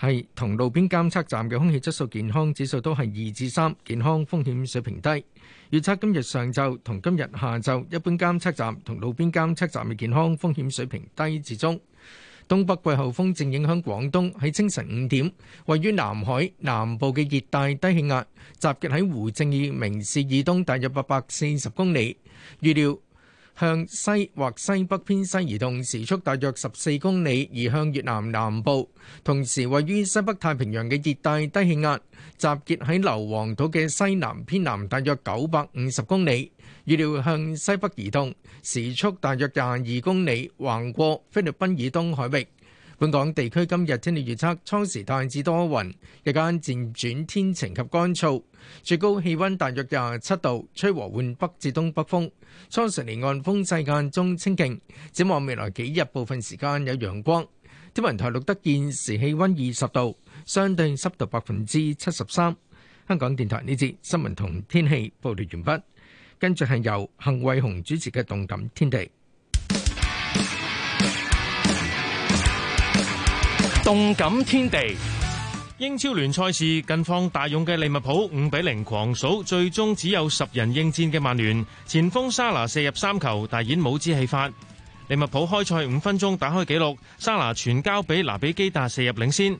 係同路邊監測站嘅空氣質素健康指數都係二至三，3，健康風險水平低。預測今日上晝同今日下晝一般監測站同路邊監測站嘅健康風險水平低至中。東北季候風正影響廣東，喺清晨五點，位於南海南部嘅熱帶低氣壓集結喺胡志明市以東大約八百四十公里，預料向西或西北偏西移動，時速大約十四公里，移向越南南部。同時，位於西北太平洋嘅熱帶低氣壓集結喺硫磺島嘅西南偏南大約九百五十公里。預料向西北移動，時速大約廿二公里，橫過菲律賓以東海域。本港地區今日天氣預測：初時大致多雲，日間漸轉天晴及乾燥，最高氣溫大約廿七度，吹和緩北至東北風。初時離岸風勢間中清勁，展望未來幾日部分時間有陽光。天文台錄得現時氣溫二十度，相對濕度百分之七十三。香港電台呢節新聞同天氣報道完畢。.跟住係由幸偉雄主持嘅《動感天地》。《動感天地》，英超聯賽事近況，大勇嘅利物浦五比零狂掃最終只有十人應戰嘅曼聯，前鋒沙拿射入三球，大演帽子戲法。利物浦開賽五分鐘打開紀錄，沙拿全交俾拿比基達射入領先。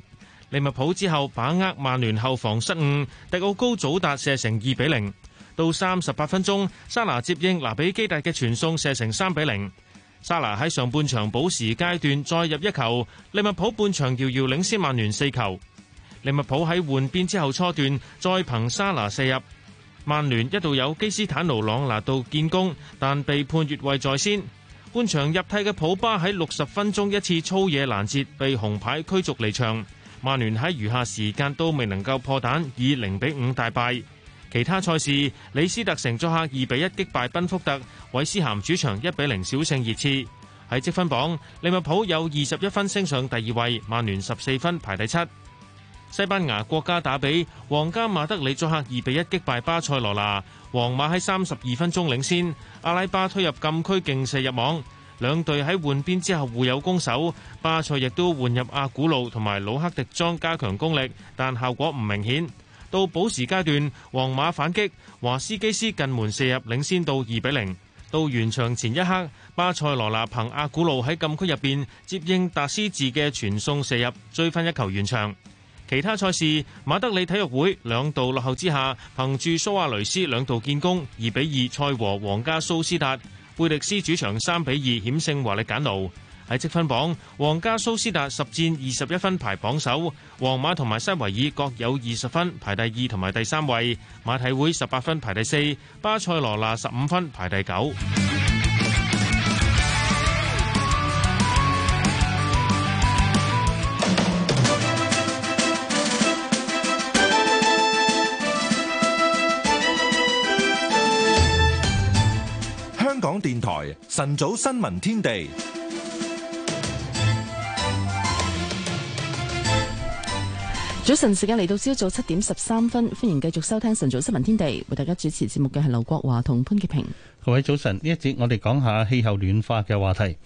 利物浦之後把握曼聯後防失誤，迪奧高祖達射成二比零。到三十八分鐘，沙拿接應拿比基達嘅傳送射成三比零。沙拿喺上半場補時階段再入一球，利物浦半場遙遙領先曼聯四球。利物浦喺換邊之後初段再憑沙拿射入。曼聯一度有基斯坦奴朗拿度建功，但被判越位在先。半場入替嘅普巴喺六十分鐘一次粗野攔截，被紅牌驅逐離場。曼聯喺餘下時間都未能夠破蛋，以零比五大敗。其他賽事，李斯特城作客二比一擊敗賓福特，韋斯咸主場一比零小勝熱刺。喺積分榜，利物浦有二十一分升上第二位，曼聯十四分排第七。西班牙國家打比，皇家馬德里作客二比一擊敗巴塞羅那，皇馬喺三十二分鐘領先，阿拉巴推入禁區勁射入網。兩隊喺換邊之後互有攻守，巴塞亦都換入阿古路同埋魯克迪莊加強攻力，但效果唔明顯。到補時階段，皇馬反擊，華斯基斯近門射入，領先到二比零。到完場前一刻，巴塞羅那憑阿古路喺禁區入邊接應達斯治嘅傳送射入，追翻一球完場。其他賽事，馬德里體育會兩度落後之下，憑住蘇亞雷斯兩度建功，二比二賽和皇家蘇斯達。貝迪斯主場三比二險勝華力簡奴。喺積分榜，皇家蘇斯達十戰二十一分排榜首，皇馬同埋西維爾各有二十分排第二同埋第三位，馬體會十八分排第四，巴塞羅那十五分排第九。香港電台晨早新聞天地。早晨，時間嚟到，朝早七點十三分，歡迎繼續收聽晨早新聞天地。為大家主持節目嘅係劉國華同潘潔平。各位早晨，呢一節我哋講下氣候暖化嘅話題。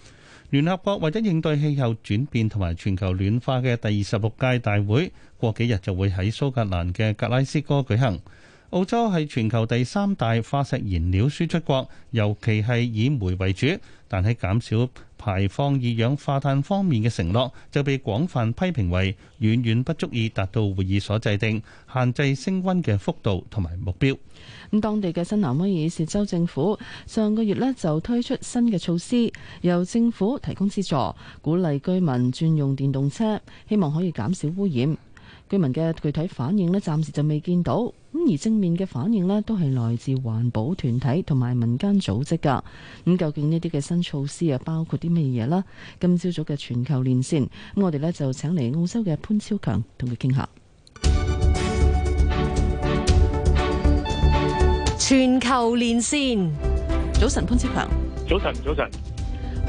聯合國為咗應對氣候轉變同埋全球暖化嘅第二十六屆大會，過幾日就會喺蘇格蘭嘅格拉斯哥舉行。澳洲係全球第三大化石燃料輸出國，尤其係以煤為主。但喺減少排放二氧化碳方面嘅承諾，就被廣泛批評為遠遠不足以達到會議所制定限制升溫嘅幅度同埋目標。咁當地嘅新南威爾士州政府上個月呢就推出新嘅措施，由政府提供資助，鼓勵居民轉用電動車，希望可以減少污染。居民嘅具體反應咧，暫時就未見到。咁而正面嘅反應咧，都係來自環保團體同埋民間組織噶。咁究竟呢啲嘅新措施啊，包括啲咩嘢啦？今朝早嘅全球連線，咁我哋咧就請嚟澳洲嘅潘超強同佢傾下。全球連線，早晨，潘超強，早晨，早晨。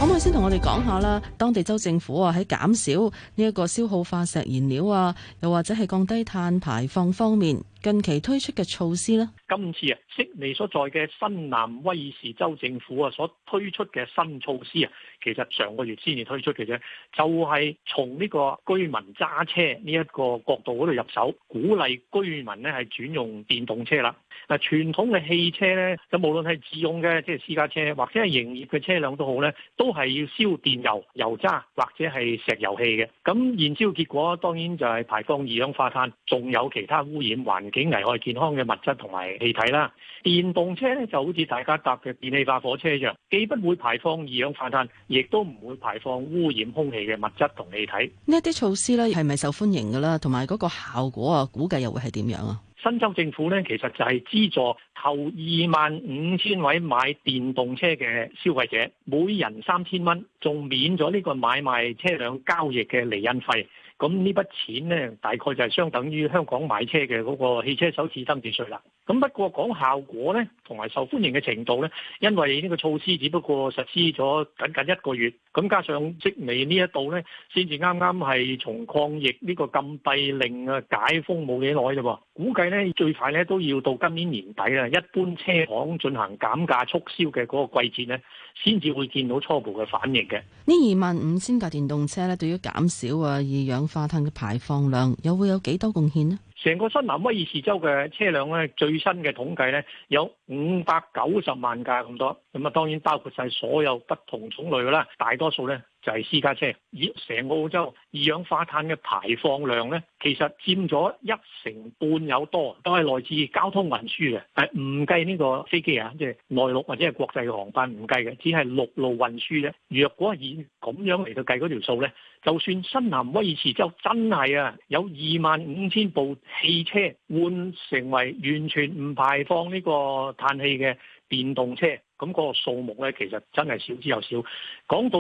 可唔可以先同我哋講下啦？當地州政府啊，喺減少呢一個消耗化石燃料啊，又或者係降低碳排放方面，近期推出嘅措施咧？今次啊，悉尼所在嘅新南威爾士州政府啊，所推出嘅新措施啊。其實上個月先至推出嘅啫，就係從呢個居民揸車呢一個角度嗰度入手，鼓勵居民咧係轉用電動車啦。嗱，傳統嘅汽車咧，就無論係自用嘅即係私家車，或者係營業嘅車輛都好咧，都係要燒電油、油渣或者係石油氣嘅。咁燃燒結果當然就係排放二氧化碳，仲有其他污染環境、危害健康嘅物質同埋氣體啦。電動車咧就好似大家搭嘅電氣化火車一樣，既不會排放二氧化碳。亦都唔會排放污染空氣嘅物質同氣體。呢一啲措施咧，係咪受歡迎㗎啦？同埋嗰個效果啊，估計又會係點樣啊？新州政府咧，其實就係資助頭二萬五千位買電動車嘅消費者，每人三千蚊，仲免咗呢個買賣車輛交易嘅厘印費。咁呢筆錢咧，大概就係相等於香港買車嘅嗰個汽車首次登記稅啦。咁不過講效果咧，同埋受歡迎嘅程度咧，因為呢個措施只不過實施咗僅僅一個月，咁加上即未呢一度咧，先至啱啱係從抗疫呢個禁閉令啊解封冇幾耐啫喎，估計咧，最快咧都要到今年年底啦，一般車行進行減價促銷嘅嗰個季節咧，先至會見到初步嘅反應嘅。呢二萬五千架電動車咧，對於減少啊二氧化碳嘅排放量，又會有幾多貢獻呢？成個新南威爾士州嘅車輛咧，最新嘅統計咧，有五百九十萬架咁多，咁啊當然包括晒所有不同種類啦，大多數呢。就係私家車，而成個澳洲二氧化碳嘅排放量呢，其實佔咗一成半有多，都係來自交通運輸嘅，係唔計呢個飛機啊，即係內陸或者係國際嘅航班唔計嘅，只係陸路運輸嘅。若果以咁樣嚟到計嗰條數呢，就算新南威爾士州真係啊有二萬五千部汽車換成為完全唔排放呢個碳氣嘅。電動車咁、嗰個數目呢，其實真係少之又少。講到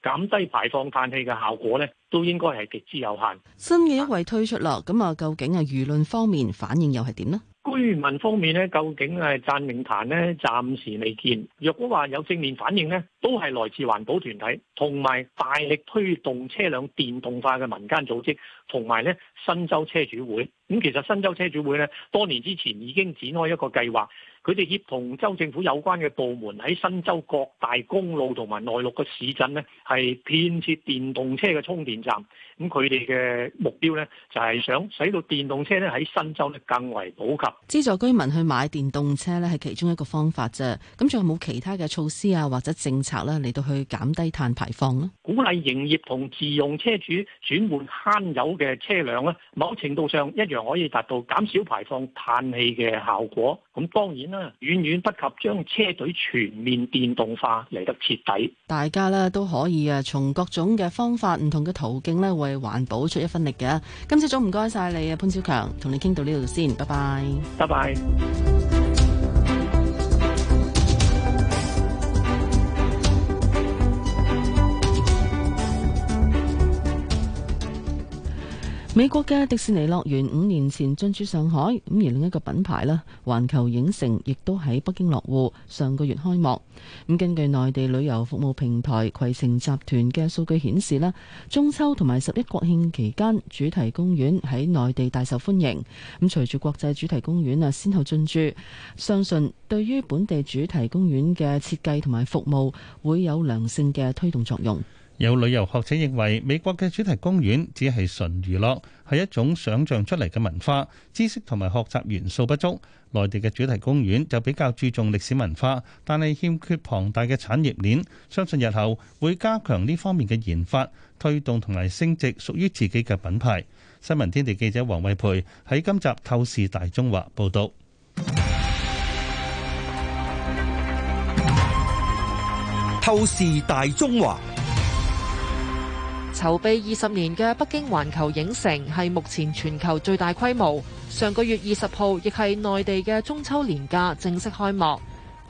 減低排放碳氣嘅效果呢，都應該係極之有限。新嘅一位推出啦，咁啊，究竟啊，輿論方面反應又係點呢？居民方面呢，究竟係贊定彈呢？暫時未見。若果話有正面反應呢，都係來自環保團體同埋大力推動車輛電動化嘅民間組織，同埋呢新洲車主會。咁、嗯、其實新洲車主會呢，多年之前已經展開一個計劃。佢哋協同州政府有關嘅部門，喺新州各大公路同埋內陸嘅市鎮咧，係建設電動車嘅充電站。咁佢哋嘅目標咧，就係想使到電動車咧喺新州咧更為普及。資助居民去買電動車咧，係其中一個方法啫。咁仲有冇其他嘅措施啊，或者政策咧嚟到去減低碳排放咧？鼓勵營業同自用車主轉換慳油嘅車輛咧，某程度上一樣可以達到減少排放碳氣嘅效果。咁當然啦。遠遠不及將車隊全面電動化嚟得徹底。大家咧都可以啊，從各種嘅方法、唔同嘅途徑咧，為環保出一分力嘅。今朝早唔該晒你啊，潘小強，同你傾到呢度先，拜拜。拜拜。美國嘅迪士尼樂園五年前進駐上海，咁而另一個品牌啦，環球影城亦都喺北京落戶，上個月開幕。咁根據內地旅遊服務平台攜程集團嘅數據顯示啦，中秋同埋十一國慶期間，主題公園喺內地大受歡迎。咁隨住國際主題公園啊先後進駐，相信對於本地主題公園嘅設計同埋服務會有良性嘅推動作用。有旅遊學者認為，美國嘅主題公園只係純娛樂，係一種想像出嚟嘅文化知識同埋學習元素不足。內地嘅主題公園就比較注重歷史文化，但係欠缺龐大嘅產業鏈。相信日後會加強呢方面嘅研發，推動同埋升值屬於自己嘅品牌。新聞天地記者黃慧培喺今集《透視大中華》報道。透視大中華。籌備二十年嘅北京環球影城係目前全球最大規模。上個月二十號亦係內地嘅中秋年假正式開幕。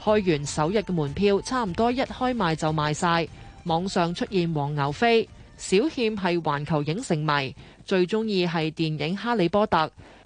開完首日嘅門票，差唔多一開賣就賣晒，網上出現黃牛飛。小倩係環球影城迷，最中意係電影《哈利波特》，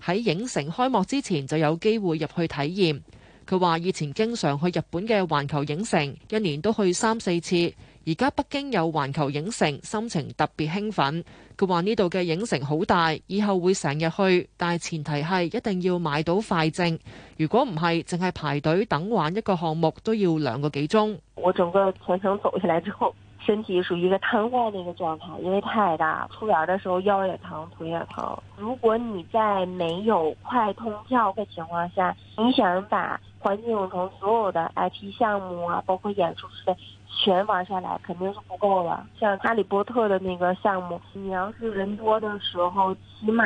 喺影城開幕之前就有機會入去體驗。佢話以前經常去日本嘅環球影城，一年都去三四次。而家北京有環球影城，心情特別興奮。佢話呢度嘅影城好大，以後會成日去，但前提係一定要買到快證。如果唔係，淨係排隊等玩一個項目都要兩個幾鐘。我整個全程走下來之後，身體屬於一個癱瘓嘅一個狀態，因為太大，出園嘅時候腰也疼，腿也疼。如果你在沒有快通票嘅情況下，你想把環球影城所有的 IP 項目啊，包括演出之全玩下來肯定是不夠了。像《哈利波特》的那個項目，你要是人多的時候，起碼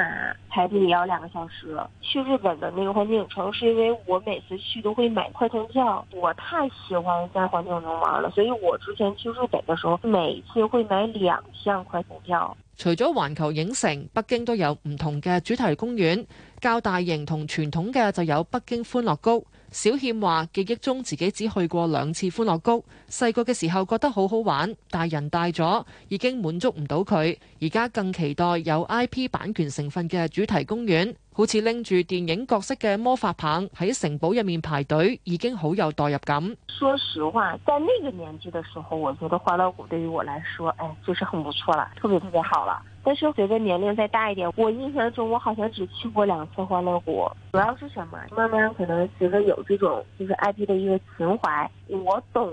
排隊也要兩個小時了。去日本的那個環球影城，是因為我每次去都會買快通票，我太喜歡在環球影城玩了，所以我之前去日本的時候，每次會買兩項快通票。除咗環球影城，北京都有唔同嘅主題公園，較大型同傳統嘅就有北京歡樂谷。小倩話：記憶中自己只去過兩次歡樂谷，細個嘅時候覺得好好玩，大人大咗已經滿足唔到佢，而家更期待有 IP 版權成分嘅主題公園，好似拎住電影角色嘅魔法棒喺城堡入面排隊，已經好有代入感。說實話，在那個年紀嘅時候，我覺得歡樂谷對於我來說，哎，就是很不錯啦，特別特別好啦。但是隨着年齡再大一點，我印象中我好像只去過兩次歡樂谷，主要是什麼？慢慢可能覺得有這種就是 IP 的一個情懷，我懂。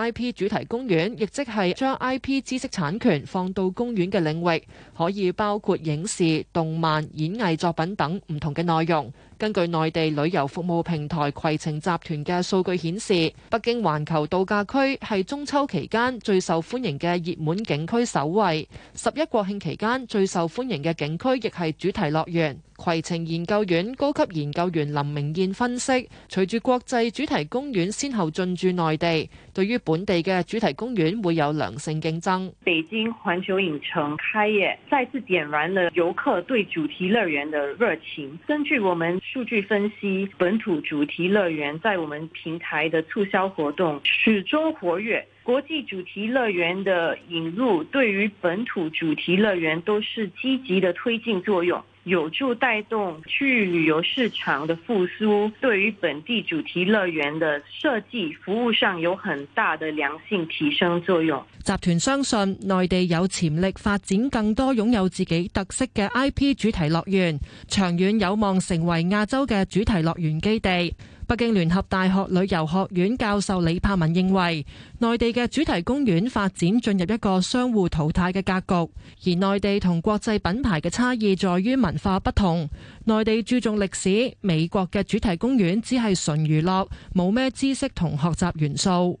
IP 主題公園，亦即係將 IP 知識產權放到公園嘅領域，可以包括影視、動漫、演藝作品等唔同嘅內容。根據內地旅遊服務平台攜程集團嘅數據顯示，北京環球度假區係中秋期間最受歡迎嘅熱門景區首位。十一國慶期間最受歡迎嘅景區亦係主題樂園。攜程研究院高級研究員林明燕分析，隨住國際主題公園先後進駐內地，對於本地嘅主題公園會有良性競爭。北京環球影城開業，再次點燃了遊客對主題樂園的熱情。根據我們數據分析，本土主題樂園在我們平台的促銷活動始終活躍。國際主題樂園的引入，對於本土主題樂園都是積極的推進作用。有助帶動區域旅遊市場的復甦，對於本地主題樂園嘅設計服務上有很大的良性提升作用。集團相信內地有潛力發展更多擁有自己特色嘅 IP 主題樂園，長遠有望成為亞洲嘅主題樂園基地。北京聯合大學旅遊學院教授李柏文認為，內地嘅主題公園發展進入一個相互淘汰嘅格局，而內地同國際品牌嘅差異在於文化不同。內地注重歷史，美國嘅主題公園只係純娛樂，冇咩知識同學習元素。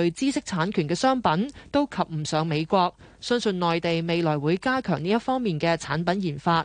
對知識產權嘅商品都及唔上美國，相信內地未來會加強呢一方面嘅產品研發。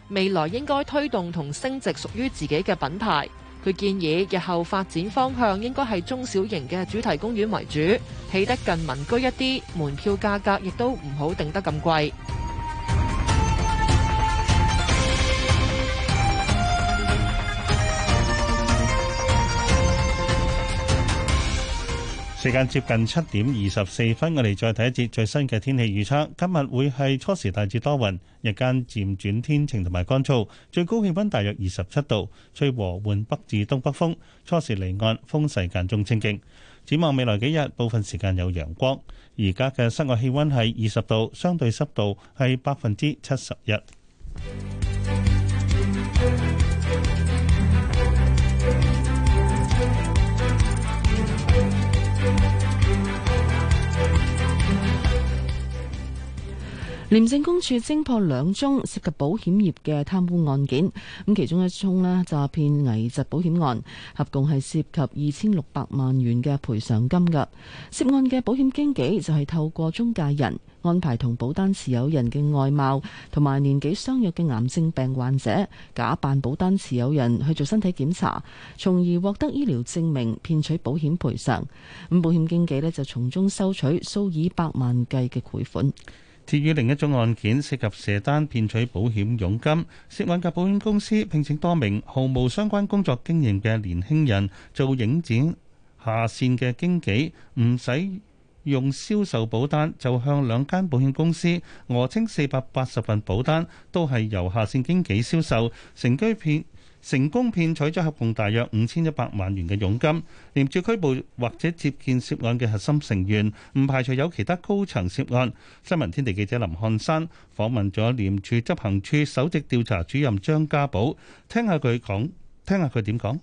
未來應該推動同升值屬於自己嘅品牌。佢建議日後發展方向應該係中小型嘅主題公園為主，起得近民居一啲，門票價格亦都唔好定得咁貴。時間接近七點二十四分，我哋再睇一節最新嘅天氣預測。今日會係初時大致多雲，日間漸轉天晴同埋乾燥，最高氣溫大約二十七度，吹和緩北至東北風，初時離岸風勢間中清勁。展望未來幾日，部分時間有陽光。而家嘅室外氣溫係二十度，相對濕度係百分之七十一。廉政公署偵破兩宗涉及保險業嘅貪污案件，咁其中一宗呢，就詐騙危疾保險案，合共係涉及二千六百萬元嘅賠償金噶。涉案嘅保險經紀就係透過中介人安排同保單持有人嘅外貌同埋年紀相若嘅癌症病患者假扮保單持有人去做身體檢查，從而獲得醫療證明，騙取保險賠償。咁保險經紀呢，就從中收取數以百萬計嘅賄款。至於另一宗案件涉及蛇單騙取保險佣金，涉案嘅保險公司聘請多名毫無相關工作經驗嘅年輕人做影展下線嘅經紀，唔使用，用銷售保單就向兩間保險公司訛稱四百八十份保單，都係由下線經紀銷售。成居片。成功騙取咗合共大約五千一百萬元嘅佣金，廉署拘捕或者接見涉案嘅核心成員，唔排除有其他高層涉案。新聞天地記者林漢山訪問咗廉署執行處首席調查主任張家寶，聽下佢講，聽下佢點講。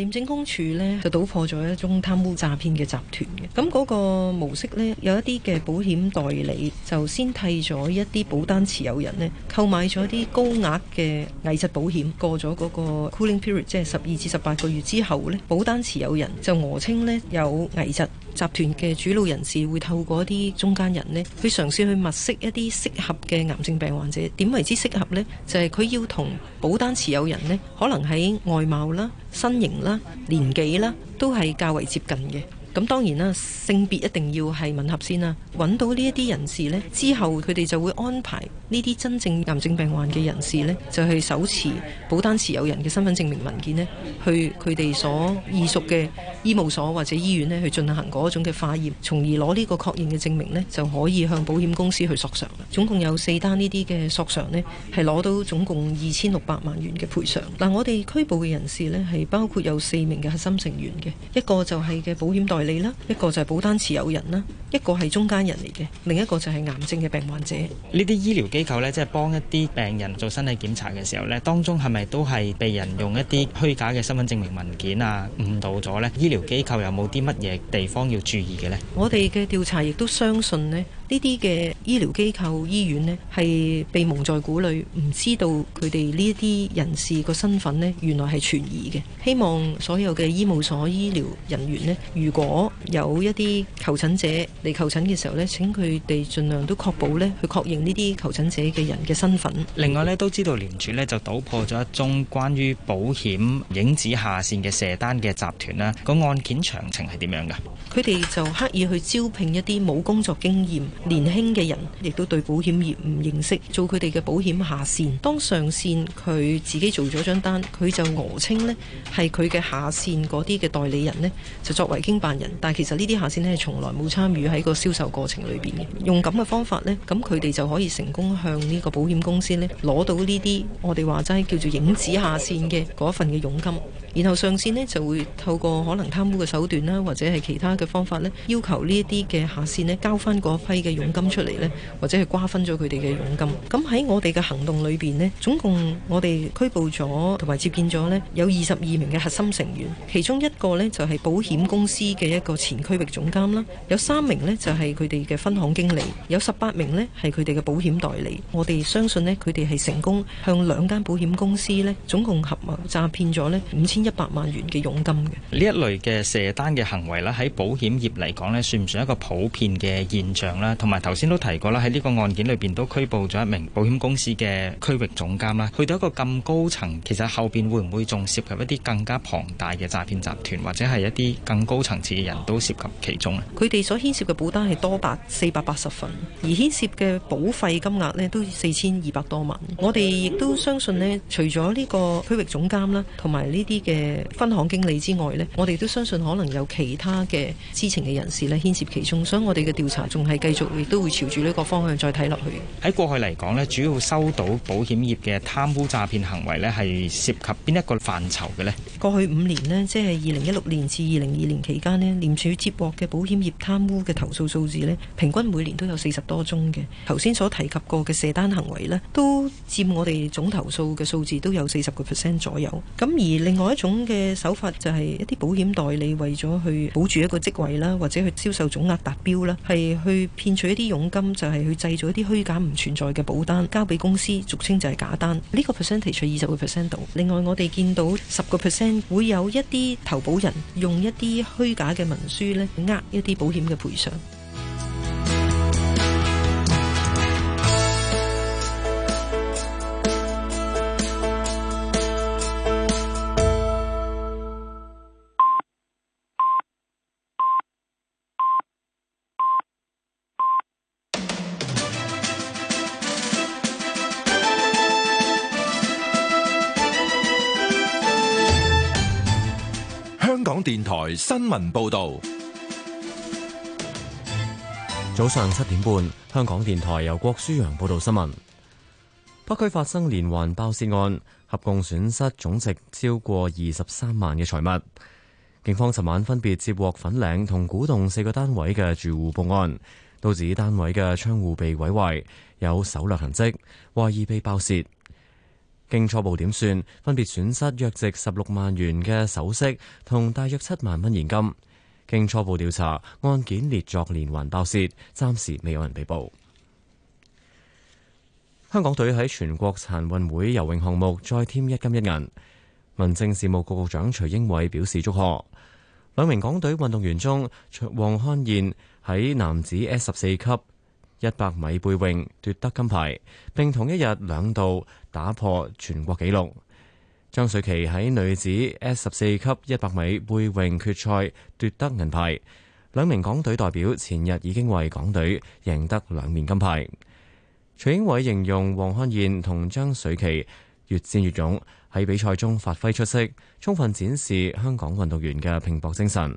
廉政公署呢，就搗破咗一宗貪污詐騙嘅集團嘅，咁嗰個模式呢，有一啲嘅保險代理就先替咗一啲保單持有人呢購買咗一啲高額嘅危疾保險，過咗嗰個 cooling period，即係十二至十八個月之後呢，保單持有人就訛稱呢有危疾，集團嘅主腦人士會透過一啲中間人呢，去嘗試去物色一啲適合嘅癌症病患者。點為之適合呢，就係、是、佢要同保單持有人呢可能喺外貌啦、身形啦。年紀啦，都係較為接近嘅。咁當然啦，性別一定要係吻合先啦。揾到呢一啲人士呢，之後佢哋就會安排呢啲真正癌症病患嘅人士呢，就係手持保單持有人嘅身份證明文件呢，去佢哋所意屬嘅醫務所或者醫院呢，去進行嗰種嘅化驗，從而攞呢個確認嘅證明呢，就可以向保險公司去索償喇。總共有四單呢啲嘅索償呢，係攞到總共二千六百萬元嘅賠償。嗱，我哋拘捕嘅人士呢，係包括有四名嘅核心成員嘅，一個就係嘅保險代，嚟啦，一個就係保單持有人啦，一個係中間人嚟嘅，另一個就係癌症嘅病患者。呢啲醫療機構呢，即係幫一啲病人做身體檢查嘅時候呢，當中係咪都係被人用一啲虛假嘅身份證明文件啊誤導咗呢？醫療機構有冇啲乜嘢地方要注意嘅呢？我哋嘅調查亦都相信呢。呢啲嘅醫療機構醫院咧，係被蒙在鼓裏，唔知道佢哋呢啲人士個身份咧，原來係存疑嘅。希望所有嘅醫務所、醫療人員咧，如果有一啲求診者嚟求診嘅時候咧，請佢哋盡量都確保咧，去確認呢啲求診者嘅人嘅身份。另外咧，都知道聯署咧就搗破咗一宗關於保險影子下線嘅射單嘅集團啦。個案件詳情係點樣噶佢哋就刻意去招聘一啲冇工作經驗。年輕嘅人亦都對保險業唔認識，做佢哋嘅保險下線。當上線佢自己做咗張單，佢就訛稱咧係佢嘅下線嗰啲嘅代理人咧就作為經辦人，但係其實呢啲下線咧係從來冇參與喺個銷售過程裏邊嘅。用咁嘅方法咧，咁佢哋就可以成功向呢個保險公司咧攞到呢啲我哋話齋叫做影子下線嘅嗰份嘅佣金。然後上線咧就會透過可能貪污嘅手段啦，或者係其他嘅方法咧，要求呢一啲嘅下線咧交翻嗰批嘅。佣金出嚟咧，或者係瓜分咗佢哋嘅佣金。咁喺我哋嘅行動裏邊，呢總共我哋拘捕咗同埋接見咗呢有二十二名嘅核心成員，其中一個呢就係保險公司嘅一個前區域總監啦，有三名呢就係佢哋嘅分行經理，有十八名呢係佢哋嘅保險代理。我哋相信呢，佢哋係成功向兩間保險公司呢總共合謀詐騙咗呢五千一百萬元嘅佣金嘅。呢一類嘅射單嘅行為咧，喺保險業嚟講呢，算唔算一個普遍嘅現象咧？同埋頭先都提過啦，喺呢個案件裏邊都拘捕咗一名保險公司嘅區域總監啦。去到一個咁高層，其實後邊會唔會仲涉及一啲更加龐大嘅詐騙集團，或者係一啲更高層次嘅人都涉及其中啊？佢哋所牽涉嘅保單係多達四百八十份，而牽涉嘅保費金額呢都四千二百多萬。我哋亦都相信呢，除咗呢個區域總監啦，同埋呢啲嘅分行經理之外呢，我哋都相信可能有其他嘅知情嘅人士呢牽涉其中。所以我哋嘅調查仲係繼續。亦都會朝住呢個方向再睇落去。喺過去嚟講呢，主要收到保險業嘅貪污詐騙行為呢係涉及邊一個範疇嘅呢？過去五年呢，即係二零一六年至二零二零年期間呢，廉署接獲嘅保險業貪污嘅投訴數字呢，平均每年都有四十多宗嘅。頭先所提及過嘅射單行為呢，都佔我哋總投訴嘅數字都有四十個 percent 左右。咁而另外一種嘅手法就係一啲保險代理為咗去保住一個職位啦，或者去銷售總額達標啦，係去騙取一啲佣金，就係去製造一啲虛假唔存在嘅保單交俾公司，俗稱就係假單。呢個 percent 提取二十個 percent 度。另外，我哋見到十個 percent 會有一啲投保人用一啲虛假嘅文書呢，呃一啲保險嘅賠償。電台新聞報道：早上七點半，香港電台由郭書陽報道新聞。北區發生連環爆竊案，合共損失總值超過二十三萬嘅財物。警方尋晚分別接獲粉嶺同古洞四個單位嘅住戶報案，都指單位嘅窗戶被毀壞，有手掠痕迹，懷疑被爆竊。經初步點算，分別損失約值十六萬元嘅首飾同大約七萬蚊現金。經初步調查，案件列作連環爆竊，暫時未有人被捕。香港隊喺全國殘運會游泳項目再添一金一銀，民政事務局局長徐英偉表示祝賀。兩名港隊運動員中，黃漢燕喺男子 S 十四級一百米背泳奪得金牌，並同一日兩度。打破全國紀錄。張瑞琪喺女子 S 十四級一百米背泳決賽奪得銀牌。兩名港隊代表前日已經為港隊贏得兩面金牌。徐英偉形容黃漢燕同張瑞琪越戰越勇，喺比賽中發揮出色，充分展示香港運動員嘅拼搏精神。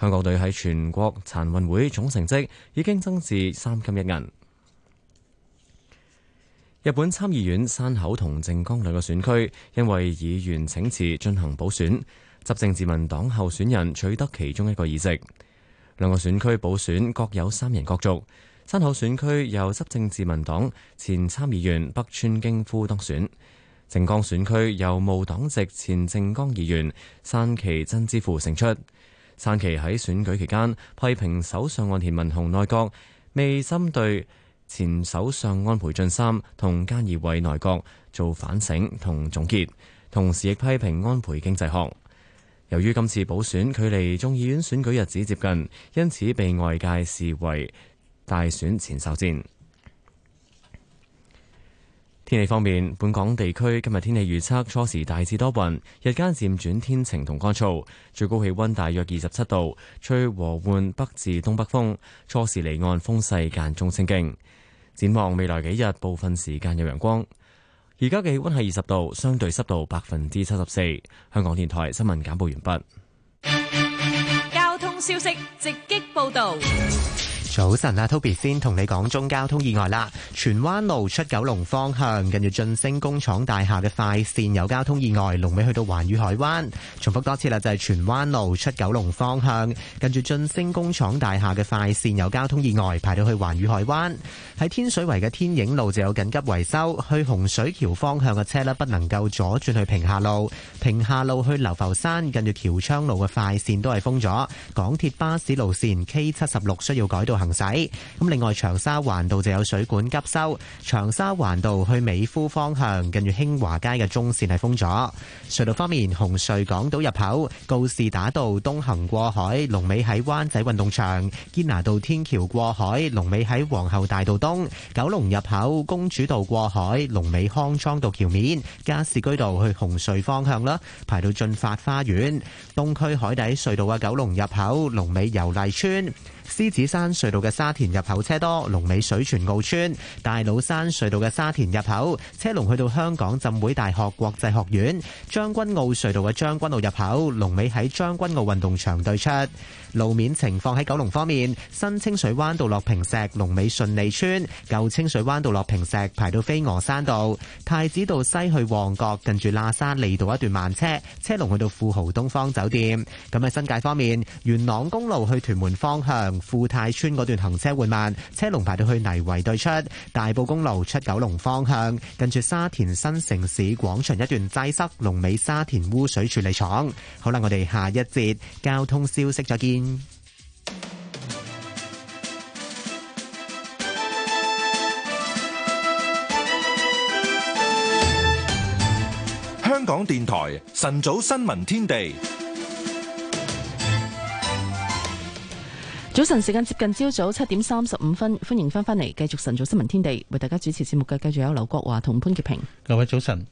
香港隊喺全國殘運會總成績已經增至三金一銀。日本參議院山口同靜岡兩個選區，因為議員請辭進行補選，執政自民黨候選人取得其中一個議席。兩個選區補選各有三人角逐。山口選區由執政自民黨前參議員北川京夫當選，靜岡選區由無黨籍前靜岡議員山崎真之父勝出。山崎喺選舉期間批評首相岸田文雄內閣未針對。前首相安倍晉三同菅義偉內閣做反省同總結，同時亦批評安倍經濟學。由於今次補選距離眾議院選舉日子接近，因此被外界視為大選前哨戰。天氣方面，本港地區今日天氣預測，初時大致多雲，日間漸轉天晴同乾燥，最高氣溫大約二十七度，吹和緩北至東北風，初時離岸風勢間中清勁。展望未來幾日，部分時間有陽光。而家嘅氣溫係二十度，相對濕度百分之七十四。香港電台新聞簡報完畢。交通消息直擊報道。早晨啊，Toby 先同你講中交通意外啦。荃灣路出九龍方向，近住晉升工廠大廈嘅快線有交通意外，龍尾去到環宇海灣。重複多次啦，就係、是、荃灣路出九龍方向，近住晉升工廠大廈嘅快線有交通意外，排到去環宇海灣。喺天水圍嘅天影路就有緊急維修，去洪水橋方向嘅車咧，不能夠左轉去平下路。平下路去流浮山近住橋昌路嘅快線都係封咗。港鐵巴士路線 K 七十六需要改道行駛。咁另外長沙環道就有水管急修，長沙環道去美孚方向近住興華街嘅中線係封咗。隧道方面，紅隧港島入口告士打道東行過海龍尾喺灣仔運動場，堅拿道天橋過海龍尾喺皇后大道。東九龍入口公主道過海龍尾康莊道橋面，加士居道去紅隧方向啦，排到駿發花園，東區海底隧道嘅九龍入口，龍尾油麗村，獅子山隧道嘅沙田入口車多，龍尾水泉澳村，大老山隧道嘅沙田入口，車龍去到香港浸會大學國際學院，將軍澳隧道嘅將軍澳入口，龍尾喺將軍澳運動場對出。路面情況喺九龍方面，新清水灣道落坪石、龍尾順利村；舊清水灣道落坪石排到飛鵝山道。太子道西去旺角，近住喇沙利道一段慢車，車龍去到富豪東方酒店。咁喺新界方面，元朗公路去屯門方向，富泰村嗰段行車緩慢，車龍排到去泥圍對出。大埔公路出九龍方向，近住沙田新城市廣場一段擠塞，龍尾沙田污水處理廠。好啦，我哋下一節交通消息，再見。香港電台晨早新聞天地，早晨時間接近朝早七點三十五分，歡迎翻返嚟，繼續晨早新聞天地，為大家主持節目嘅繼續有劉國華同潘潔平，各位早晨。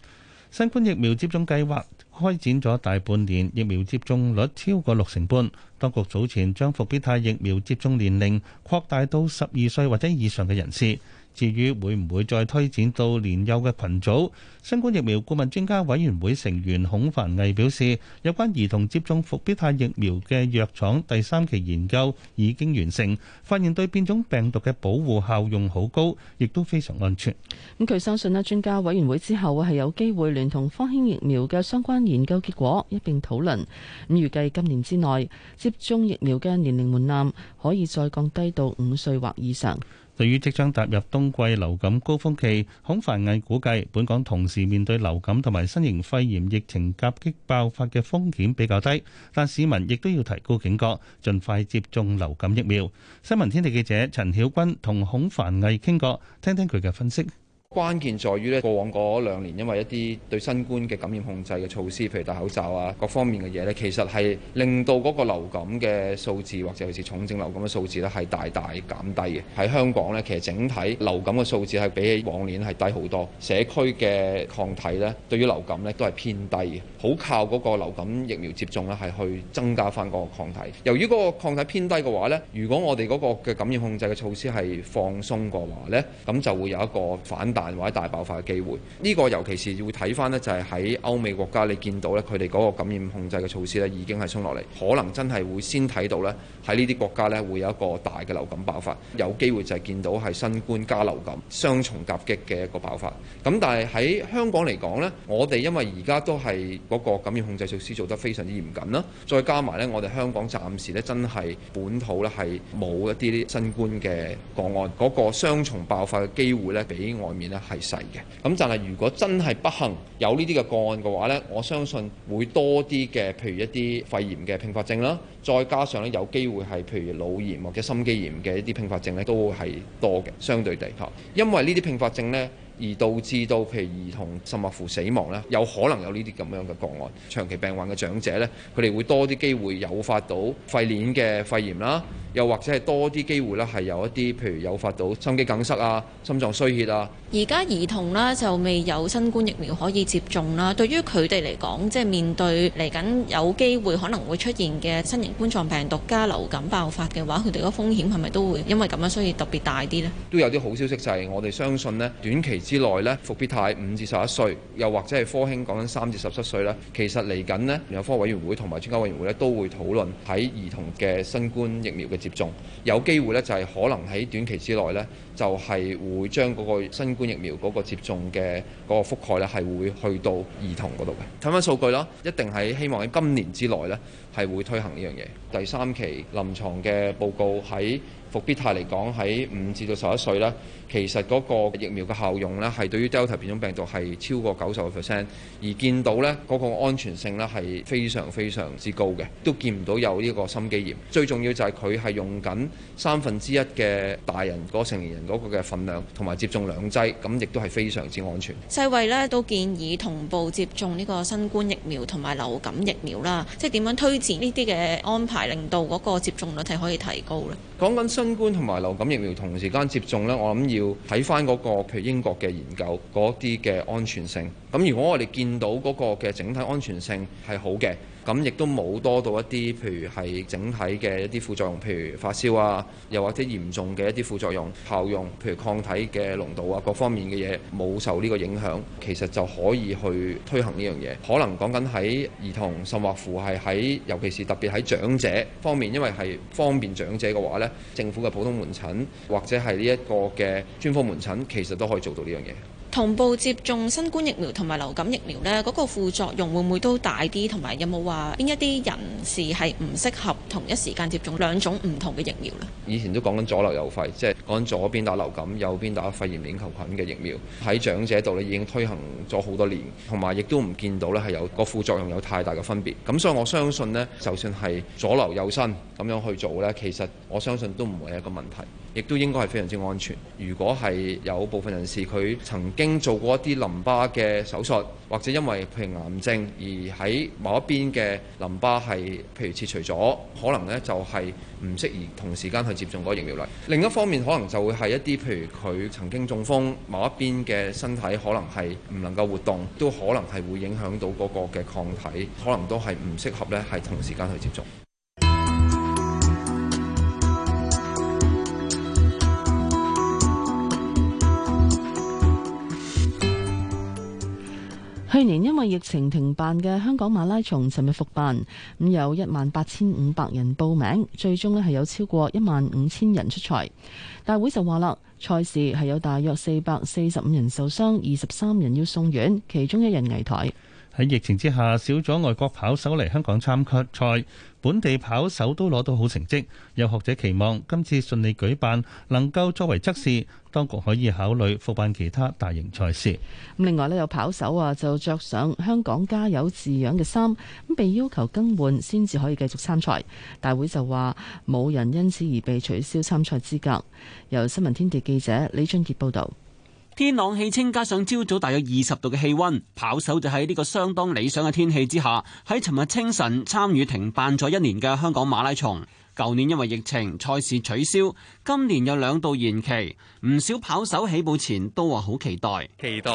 新冠疫苗接種計劃開展咗大半年，疫苗接種率超過六成半。當局早前將復必泰疫苗接種年齡擴大到十二歲或者以上嘅人士。至於會唔會再推展到年幼嘅群組？新冠疫苗顧問專家委員會成員孔凡毅表示，有關兒童接種復必泰疫苗嘅藥廠第三期研究已經完成，發現對變種病毒嘅保護效用好高，亦都非常安全。咁佢相信咧，專家委員會之後會係有機會聯同科興疫苗嘅相關研究結果一併討論。咁預計今年之內接種疫苗嘅年齡門檻可以再降低到五歲或以上。對於即將踏入冬季流感高峯期，孔凡毅估計本港同時面對流感同埋新型肺炎疫情夾擊爆發嘅風險比較低，但市民亦都要提高警覺，盡快接種流感疫苗。新聞天地記者陳曉君同孔凡毅傾過，聽聽佢嘅分析。關鍵在於咧，過往嗰兩年因為一啲對新冠嘅感染控制嘅措施，譬如戴口罩啊，各方面嘅嘢咧，其實係令到嗰個流感嘅數字或者好似重症流感嘅數字咧，係大大減低嘅。喺香港咧，其實整體流感嘅數字係比起往年係低好多。社區嘅抗體咧，對於流感咧都係偏低嘅，好靠嗰個流感疫苗接種咧係去增加翻嗰個抗體。由於嗰個抗體偏低嘅話咧，如果我哋嗰個嘅感染控制嘅措施係放鬆嘅話咧，咁就會有一個反彈。慢或者大爆發嘅機會呢、呢個尤其是要睇翻咧，就係喺歐美國家，你見到咧，佢哋嗰個感染控制嘅措施咧已經係冲落嚟，可能真係會先睇到咧喺呢啲國家咧會有一個大嘅流感爆發，有機會就係見到係新冠加流感雙重夾擊嘅一個爆發，咁但係喺香港嚟講咧，我哋因為而家都係嗰個感染控制措施做得非常之嚴謹啦，再加埋咧我哋香港暫時咧真係本土咧係冇一啲啲新冠嘅個案，嗰個雙重爆發嘅機會咧比外面。係細嘅咁，但係如果真係不幸有呢啲嘅個案嘅話呢，我相信會多啲嘅，譬如一啲肺炎嘅併發症啦，再加上呢，有機會係譬如腦炎或者心肌炎嘅一啲併發症呢，都會係多嘅，相對地嚇，因為呢啲併發症呢。而導致到，譬如兒童甚至乎死亡咧，有可能有呢啲咁樣嘅個案。長期病患嘅長者咧，佢哋會多啲機會誘發到肺鏈嘅肺炎啦，又或者係多啲機會咧，係有一啲譬如誘發到心肌梗塞啊、心臟衰竭啊。而家兒童咧就未有新冠疫苗可以接種啦。對於佢哋嚟講，即係面對嚟緊有機會可能會出現嘅新型冠狀病毒加流感爆發嘅話，佢哋個風險係咪都會因為咁樣，所以特別大啲呢？都有啲好消息就係我哋相信呢短期，之內呢，復必泰五至十一歲，又或者係科興講緊三至十七歲呢，其實嚟緊呢，聯合科委員會同埋專家委員會呢都會討論喺兒童嘅新冠疫苗嘅接種，有機會呢就係可能喺短期之內呢，就係會將嗰個新冠疫苗嗰個接種嘅嗰個覆蓋呢，係會去到兒童嗰度嘅。睇翻數據啦，一定係希望喺今年之內呢，係會推行呢樣嘢。第三期臨床嘅報告喺。復必泰嚟講喺五至到十一歲呢，其實嗰個疫苗嘅效用呢，係對於 Delta 變種病毒係超過九十個 percent，而見到呢，嗰個安全性呢，係非常非常之高嘅，都見唔到有呢個心肌炎。最重要就係佢係用緊三分之一嘅大人嗰個成年人嗰個嘅份量，同埋接種兩劑，咁亦都係非常之安全。世衛呢，都建議同步接種呢個新冠疫苗同埋流感疫苗啦，即係點樣推薦呢啲嘅安排，令到嗰個接種率係可以提高咧？講緊新冠同埋流感疫苗同時間接種呢，我諗要睇翻嗰個，譬如英國嘅研究嗰啲嘅安全性。咁如果我哋見到嗰個嘅整體安全性係好嘅。咁亦都冇多到一啲，譬如係整體嘅一啲副作用，譬如發燒啊，又或者嚴重嘅一啲副作用效用，譬如抗體嘅濃度啊，各方面嘅嘢，冇受呢個影響，其實就可以去推行呢樣嘢。可能講緊喺兒童，甚或乎係喺尤其是特別喺長者方面，因為係方便長者嘅話咧，政府嘅普通門診或者係呢一個嘅專科門診，其實都可以做到呢樣嘢。同步接種新冠疫苗同埋流感疫苗呢，嗰個副作用會唔會都大啲？同埋有冇話邊一啲人士係唔適合同一時間接種兩種唔同嘅疫苗呢？以前都講緊左流右肺，即係講緊左邊打流感，右邊打肺炎鏈球菌嘅疫苗，喺長者度呢已經推行咗好多年，同埋亦都唔見到呢係有個副作用有太大嘅分別。咁所以我相信呢，就算係左流右新咁樣去做呢，其實我相信都唔會係一個問題。亦都應該係非常之安全。如果係有部分人士佢曾經做過一啲淋巴嘅手術，或者因為譬如癌症而喺某一邊嘅淋巴係譬如切除咗，可能呢就係唔適宜同時間去接種嗰個疫苗嚟。另一方面，可能就會係一啲譬如佢曾經中風，某一邊嘅身體可能係唔能夠活動，都可能係會影響到嗰個嘅抗體，可能都係唔適合呢係同時間去接種。去年因為疫情停辦嘅香港馬拉松，尋日復辦，咁有一萬八千五百人報名，最終咧係有超過一萬五千人出賽。大會就話啦，賽事係有大約四百四十五人受傷，二十三人要送院，其中一人危殆。喺疫情之下，少咗外國跑手嚟香港參賽，本地跑手都攞到好成績，有學者期望今次順利舉辦能夠作為測試當局可以考慮復辦其他大型賽事。咁另外咧，有跑手啊就着上香港加油字樣嘅衫，咁被要求更換先至可以繼續參賽，大會就話冇人因此而被取消參賽資格。由新聞天地記者李俊杰報道。天朗氣清，加上朝早大約二十度嘅氣温，跑手就喺呢個相當理想嘅天氣之下，喺尋日清晨參與停辦咗一年嘅香港馬拉松。舊年因為疫情賽事取消，今年有兩度延期，唔少跑手起步前都話好期待，期待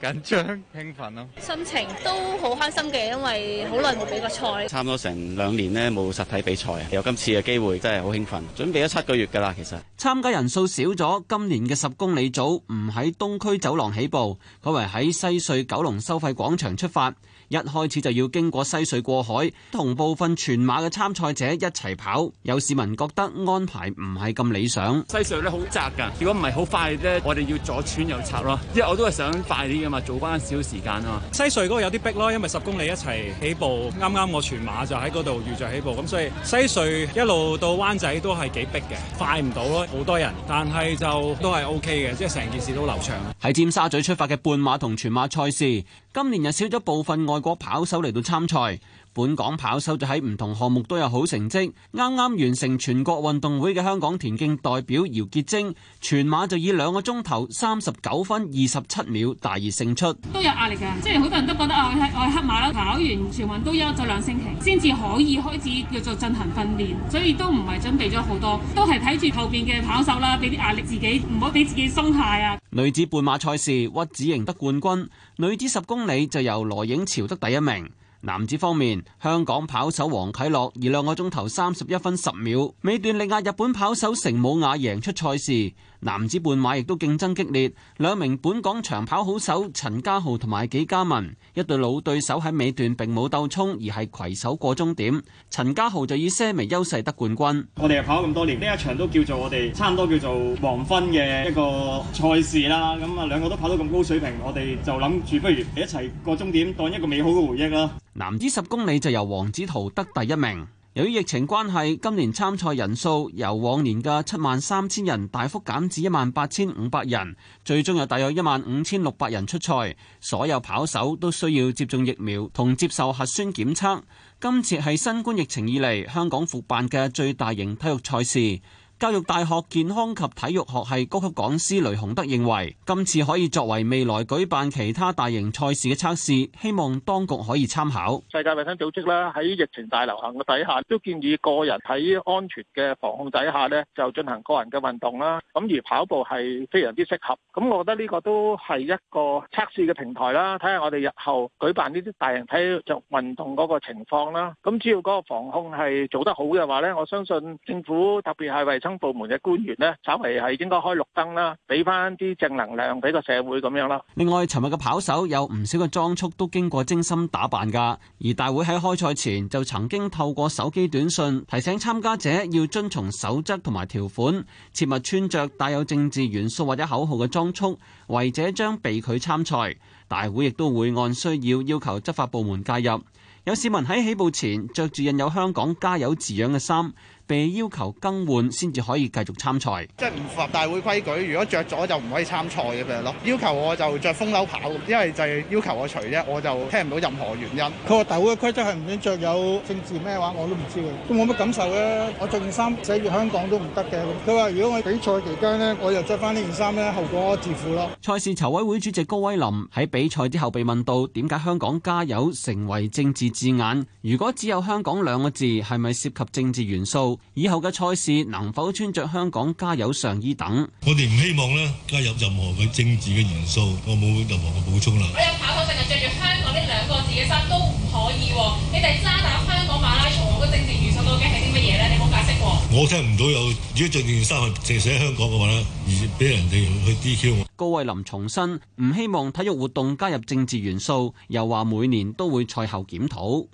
緊張興奮咯，心情都好開心嘅，因為好耐冇比過賽，差唔多成兩年呢冇實體比賽啊，有今次嘅機會真係好興奮，準備咗七個月噶啦，其實參加人數少咗。今年嘅十公里組唔喺東區走廊起步，改為喺西隧九龍收費廣場出發。一開始就要經過西隧過海，同部分全馬嘅參賽者一齊跑。有市民覺得安排唔係咁理想。西隧咧好窄噶，如果唔係好快啫，我哋要左穿右插咯。即係我都係想快啲噶嘛，早翻少時間啊。西隧嗰個有啲逼咯，因為十公里一齊起，起步，啱啱我全馬就喺嗰度遇着起步，咁所以西隧一路到灣仔都係幾逼嘅，快唔到咯，好多人。但係就都係 O K 嘅，即係成件事都流暢。喺尖沙咀出發嘅半馬同全馬賽事。今年又少咗部分外國跑手嚟到參賽。本港跑手就喺唔同項目都有好成績，啱啱完成全國運動會嘅香港田徑代表姚潔貞，全馬就以兩個鐘頭三十九分二十七秒大熱勝出。都有壓力㗎，即係好多人都覺得啊，我係黑馬啦。跑完全運都休咗兩星期，先至可以開始叫做進行訓練，所以都唔係準備咗好多，都係睇住後邊嘅跑手啦，俾啲壓力自己，唔好俾自己鬆懈啊。女子半馬賽事屈指贏得冠軍，女子十公里就由羅影潮得第一名。男子方面，香港跑手王啟樂以兩個鐘頭三十一分十秒，尾段力壓日本跑手成武雅，贏出賽事。男子半馬亦都競爭激烈，兩名本港長跑好手陳家豪同埋紀嘉文，一對老對手喺尾段並冇鬥衝，而係携手過終點。陳家豪就以些微優勢得冠軍。我哋跑咗咁多年，呢一場都叫做我哋差唔多叫做黃昏嘅一個賽事啦。咁啊，兩個都跑到咁高水平，我哋就諗住不如一齊過終點，當一個美好嘅回憶啦。男子十公里就由黃子圖得第一名。由於疫情關係，今年參賽人數由往年嘅七萬三千人大幅減至一萬八千五百人，最終有大約一萬五千六百人出賽。所有跑手都需要接種疫苗同接受核酸檢測。今次係新冠疫情以嚟香港復辦嘅最大型體育賽事。教育大學健康及體育學系高級講師雷洪德認為，今次可以作為未來舉辦其他大型賽事嘅測試，希望當局可以參考。世界衛生組織咧喺疫情大流行嘅底下，都建議個人喺安全嘅防控底下咧，就進行個人嘅運動啦。咁而跑步係非常之適合，咁我覺得呢個都係一個測試嘅平台啦，睇下我哋日後舉辦呢啲大型體育運動嗰個情況啦。咁只要嗰個防控係做得好嘅話咧，我相信政府特別係為等部門嘅官員呢，稍微係應該開綠燈啦，俾翻啲正能量俾個社會咁樣啦。另外，尋日嘅跑手有唔少嘅裝束都經過精心打扮噶，而大會喺開賽前就曾經透過手機短信提醒參加者要遵從守則同埋條款，切勿穿着帶有政治元素或者口號嘅裝束，違者將被拒參賽。大會亦都會按需要要求執法部門介入。有市民喺起步前着住印有香港加油字樣嘅衫。被要求更換先至可以繼續參賽，即係唔符合大會規矩。如果着咗就唔可以參賽嘅咯。要求我就着風褸跑，因為就係要求我除啫。我就聽唔到任何原因。佢話大會嘅規則係唔准着有政治咩，話我都唔知。都冇乜感受嘅。我着件衫寫住香港都唔得嘅。佢話如果我比賽期間咧，我又着翻呢件衫咧，後果自負咯。賽事籌委會主席高威林喺比賽之後被問到點解香港加油成為政治字眼？如果只有香港兩個字係咪涉及政治元素？以後嘅賽事能否穿着香港加油上衣等？我哋唔希望呢加入任何嘅政治嘅元素，我冇任何嘅補充啦。我有跑台上淨係着住香港呢兩個字嘅衫都唔可以，你哋渣打香港馬拉松嘅政治元素究竟係啲乜嘢呢？你冇解釋過。我聽唔到有，如果着件衫係淨寫香港嘅話呢，而俾人哋去 DQ 我。高慧林重申唔希望體育活動加入政治元素，又話每年都會賽後檢討。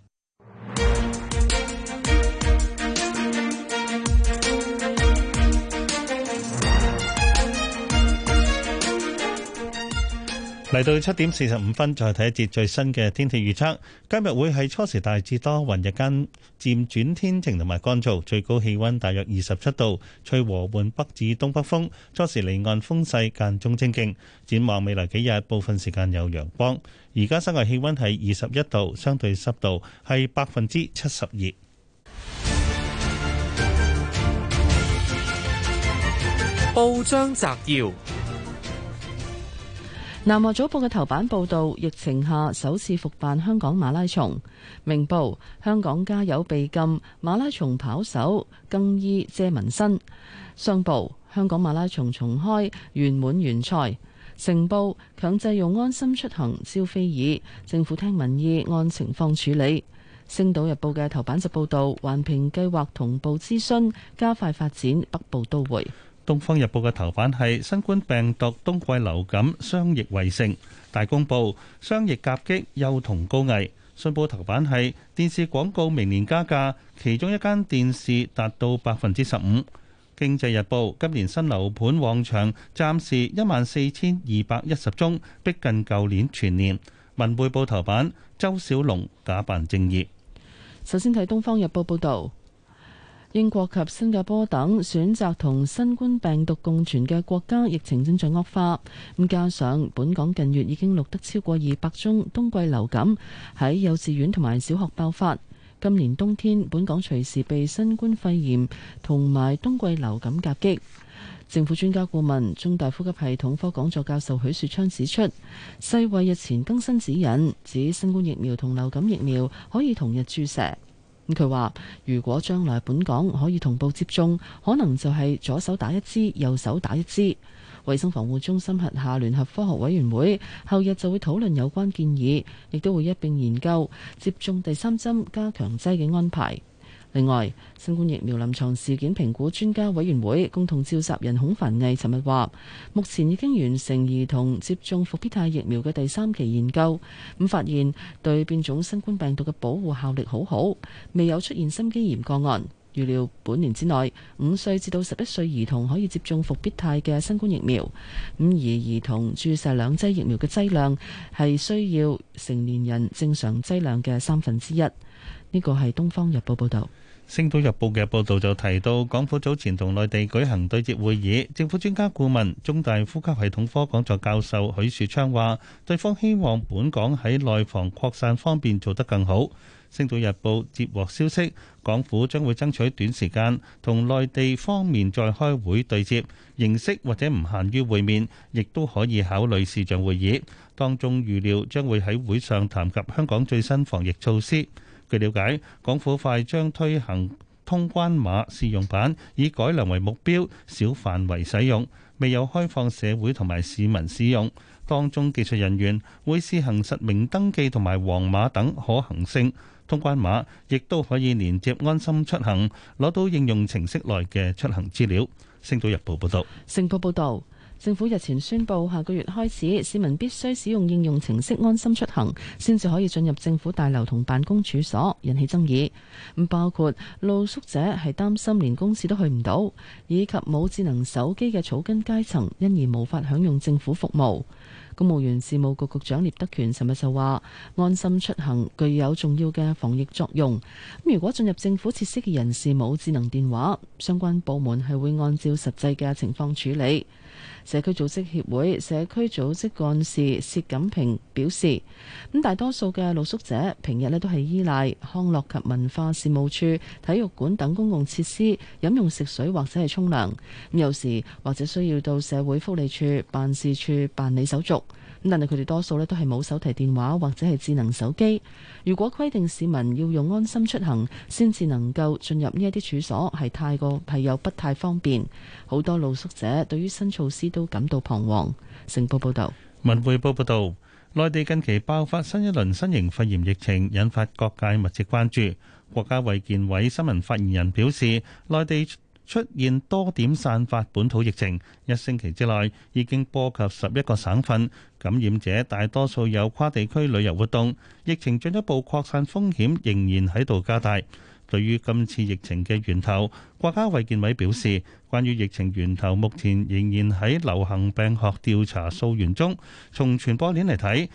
嚟到七點四十五分，再睇一節最新嘅天氣預測。今日會係初時大致多雲，日間漸轉天晴同埋乾燥，最高氣溫大約二十七度，吹和緩北至東北風。初時離岸風勢間中清勁。展望未來幾日，部分時間有陽光。而家室外氣溫係二十一度，相對濕度係百分之七十二。報章摘要。南華早報嘅頭版報道，疫情下首次復辦香港馬拉松。明報：香港加油被禁，馬拉松跑手更衣遮紋身。商報：香港馬拉松重開，圓滿完賽。成報：強制用安心出行招非議，政府聽民意，按情況處理。星島日報嘅頭版就報道，環評計劃同步諮詢，加快發展北部都會。《東方日報》嘅頭版係新冠病毒冬季流感雙疫圍城，《大公報》，雙疫夾擊幼童高危。《信報》頭版係電視廣告明年加價，其中一間電視達到百分之十五。《經濟日報》今年新樓盤旺場，暫時一萬四千二百一十宗，逼近舊年全年。《文匯報》頭版周小龍假扮正義。首先睇《東方日報》報道。英國及新加坡等選擇同新冠病毒共存嘅國家，疫情正在惡化。咁加上本港近月已經錄得超過二百宗冬季流感喺幼稚園同埋小學爆發，今年冬天本港隨時被新冠肺炎同埋冬季流感夾擊。政府專家顧問、中大呼吸系統科講座教授許樹昌指出，世衛日前更新指引，指新冠疫苗同流感疫苗可以同日注射。咁佢話如果將來本港可以同步接種，可能就係左手打一支，右手打一支。衛生防護中心轄下聯合科學委員會後日就會討論有關建議，亦都會一併研究接種第三針加強劑嘅安排。另外，新冠疫苗臨床事件評估專家委員會共同召集人孔凡毅尋日話，目前已經完成兒童接種復必泰疫苗嘅第三期研究，咁發現對變種新冠病毒嘅保護效力好好，未有出現心肌炎個案。預料本年之內五歲至到十一歲兒童可以接種復必泰嘅新冠疫苗，咁而兒童注射兩劑疫苗嘅劑量係需要成年人正常劑量嘅三分之一。呢、這個係東方日報報道。星島日報嘅報道就提到，港府早前同內地舉行對接會議，政府專家顧問,中大呼吸系統科講座教授，據了解，港府快將推行通關碼試用版，以改良為目標，小範圍使用，未有開放社會同埋市民使用。當中技術人員會試行實名登記同埋黃碼等可行性，通關碼亦都可以連接安心出行，攞到應用程式內嘅出行資料。星島日報報道，星報報道。政府日前宣布，下個月開始，市民必須使用應用程式安心出行，先至可以進入政府大樓同辦公處所，引起爭議。包括露宿者係擔心連公廁都去唔到，以及冇智能手機嘅草根階層，因而無法享用政府服務。公務員事務局局長聶德權尋日就話：安心出行具有重要嘅防疫作用。如果進入政府設施嘅人士冇智能電話，相關部門係會按照實際嘅情況處理。社區組織協會社區組織幹事薛錦平表示：咁大多數嘅露宿者平日咧都係依賴康樂及文化事務處體育館等公共設施飲用食水或者係沖涼，咁有時或者需要到社會福利處辦事處辦理手續。咁但係佢哋多數咧都係冇手提電話或者係智能手機。如果規定市民要用安心出行先至能夠進入呢一啲處所，係太過係有不太方便。好多露宿者對於新措施都感到彷徨。成報報導，文匯報報導，內地近期爆發新一輪新型肺炎疫情，引發各界密切關注。國家衛健委新聞發言人表示，內地，出現多點散發本土疫情，一星期之內已經波及十一個省份，感染者大多數有跨地區旅遊活動，疫情進一步擴散風險仍然喺度加大。對於今次疫情嘅源頭，國家衛健委表示，關於疫情源頭目前仍然喺流行病學調查溯源中，從傳播鏈嚟睇，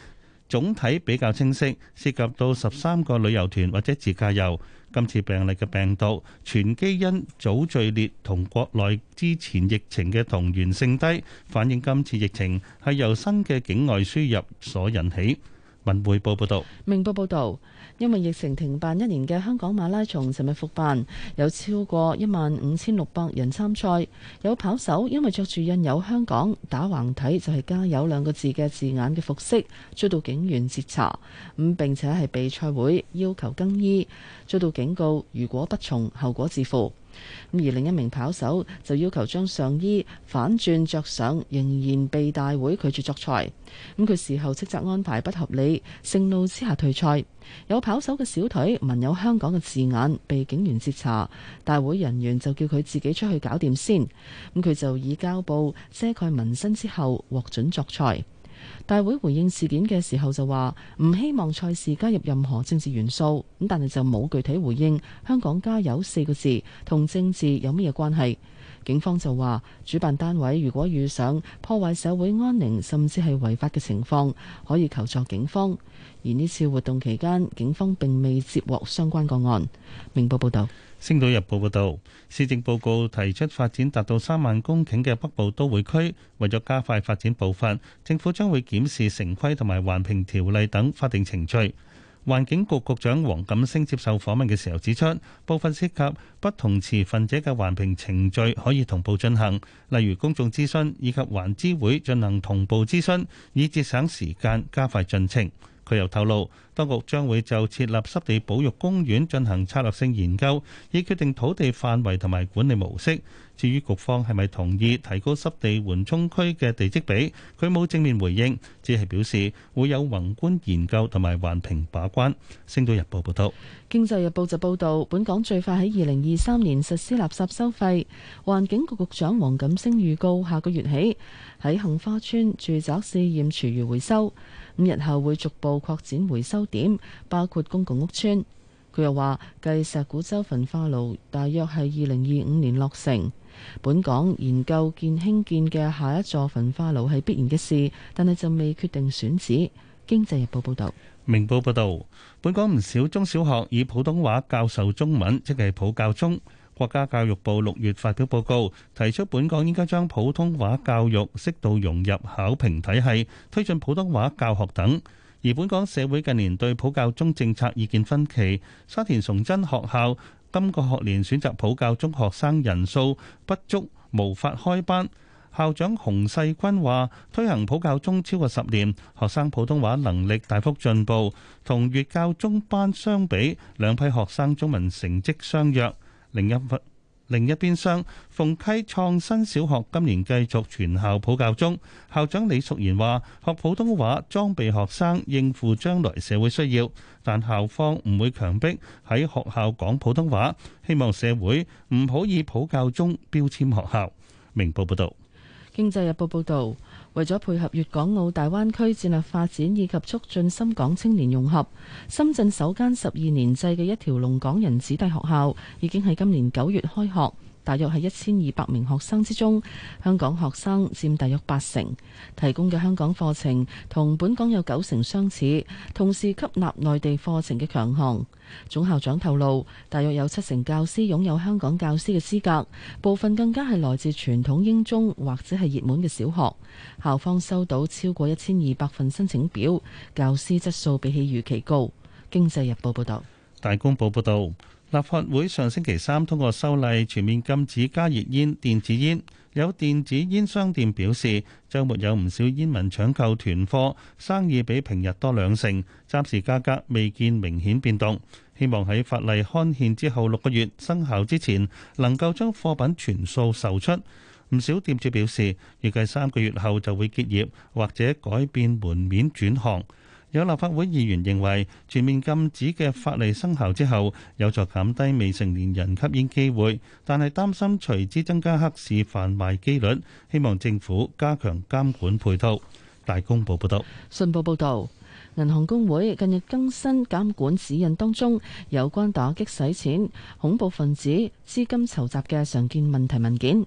總體比較清晰，涉及到十三個旅遊團或者自駕遊。今次病例嘅病毒全基因組序列同國內之前疫情嘅同源性低，反映今次疫情係由新嘅境外輸入所引起。文匯報報道，明報報道。因為疫情停辦一年嘅香港馬拉松，尋日復辦，有超過一萬五千六百人參賽。有跑手因為着住印有香港打橫睇就係加油兩個字嘅字眼嘅服飾，遭到警員截查。咁、嗯、並且係被賽會要求更衣，遭到警告，如果不從，後果自負。而另一名跑手就要求將上衣反轉着上，仍然被大會拒絕作賽。咁佢事後斥責安排不合理，盛怒之下退賽。有跑手嘅小腿紋有香港嘅字眼，被警員截查，大會人員就叫佢自己出去搞掂先。咁佢就以膠布遮蓋紋身之後獲准作賽。大會回應事件嘅時候就話唔希望賽事加入任何政治元素，咁但係就冇具體回應。香港加油四個字同政治有咩嘢關係？警方就話，主辦單位如果遇上破壞社會安寧，甚至係違法嘅情況，可以求助警方。而呢次活動期間，警方並未接獲相關個案。明報報導，《星島日報》報道，施政報告提出發展達到三萬公頃嘅北部都會區，為咗加快發展步伐，政府將會檢視城規同埋環評條例等法定程序。環境局局長黃錦星接受訪問嘅時候指出，部分涉及不同持份者嘅環評程序可以同步進行，例如公眾諮詢以及環諮會進行同步諮詢，以節省時間，加快進程。佢又透露，當局將會就設立濕地保育公園進行策略性研究，以決定土地範圍同埋管理模式。至於局方係咪同意提高濕地緩衝區嘅地積比，佢冇正面回應，只係表示會有宏觀研究同埋環評把關。星島日報報道：《經濟日報》就報導本港最快喺二零二三年實施垃圾收費。環境局局長黃錦星預告，下個月起喺杏花邨住宅試驗廚餘回收，五日後會逐步擴展回收點，包括公共屋邨。佢又話，繼石鼓洲焚化爐大約係二零二五年落成。本港研究建興建嘅下一座焚化爐係必然嘅事，但係就未決定選址。經濟日報報道，明報報道。本港唔少中小學以普通話教授中文，即係普教中。國家教育部六月發表報告，提出本港應該將普通話教育適度融入考評體系，推進普通話教學等。而本港社會近年對普教中政策意見分歧，沙田崇真學校。今個學年選擇普教中學生人數不足，無法開班。校長洪世軍話：推行普教中超過十年，學生普通話能力大幅進步，同粵教中班相比，兩批學生中文成績相若。另一另一邊廂，鳳溪創新小學今年繼續全校普教中，校長李淑賢話：學普通話裝備學生應付將來社會需要，但校方唔會強迫喺學校講普通話，希望社會唔好以普教中標籤學校。明報報道，經濟日報報道。為咗配合粵港澳大灣區戰略發展以及促進深港青年融合，深圳首間十二年制嘅一條龍港人子弟學校已經喺今年九月開學。大約係一千二百名學生之中，香港學生佔大約八成。提供嘅香港課程同本港有九成相似，同時吸納內地課程嘅強項。總校長透露，大約有七成教師擁有香港教師嘅資格，部分更加係來自傳統英中或者係熱門嘅小學。校方收到超過一千二百份申請表，教師質素比起預期高。經濟日報報道。大公報報道。立法會上星期三通過修例全面禁止加熱煙、電子煙。有電子煙商店表示，週末有唔少煙民搶購囤貨，生意比平日多兩成，暫時價格未見明顯變動，希望喺法例刊憲之後六個月生效之前，能夠將貨品全數售出。唔少店主表示，預計三個月後就會結業，或者改變門面轉行。有立法會議員認為全面禁止嘅法例生效之後，有助減低未成年人吸煙機會，但係擔心隨之增加黑市販賣機率，希望政府加強監管配套。大公報報導，信報報導，銀行公會近日更新監管指引當中有關打擊洗錢、恐怖分子資金籌集嘅常見問題文件，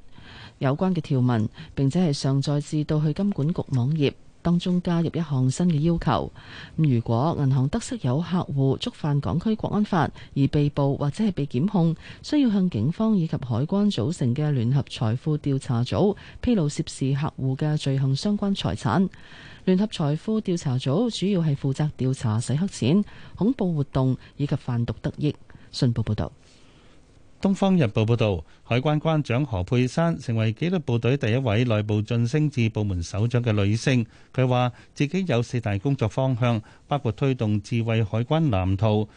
有關嘅條文並且係上載至到去金管局網頁。當中加入一項新嘅要求，如果銀行得悉有客戶觸犯港區國安法而被捕或者係被檢控，需要向警方以及海關組成嘅聯合財富調查組披露涉事客戶嘅罪行相關財產。聯合財富調查組主要係負責調查洗黑錢、恐怖活動以及販毒得益。信報報道。《東方日報》報導，海關關長何佩珊成為紀律部隊第一位內部晉升至部門首長嘅女性。佢話自己有四大工作方向，包括推動智慧海關藍圖、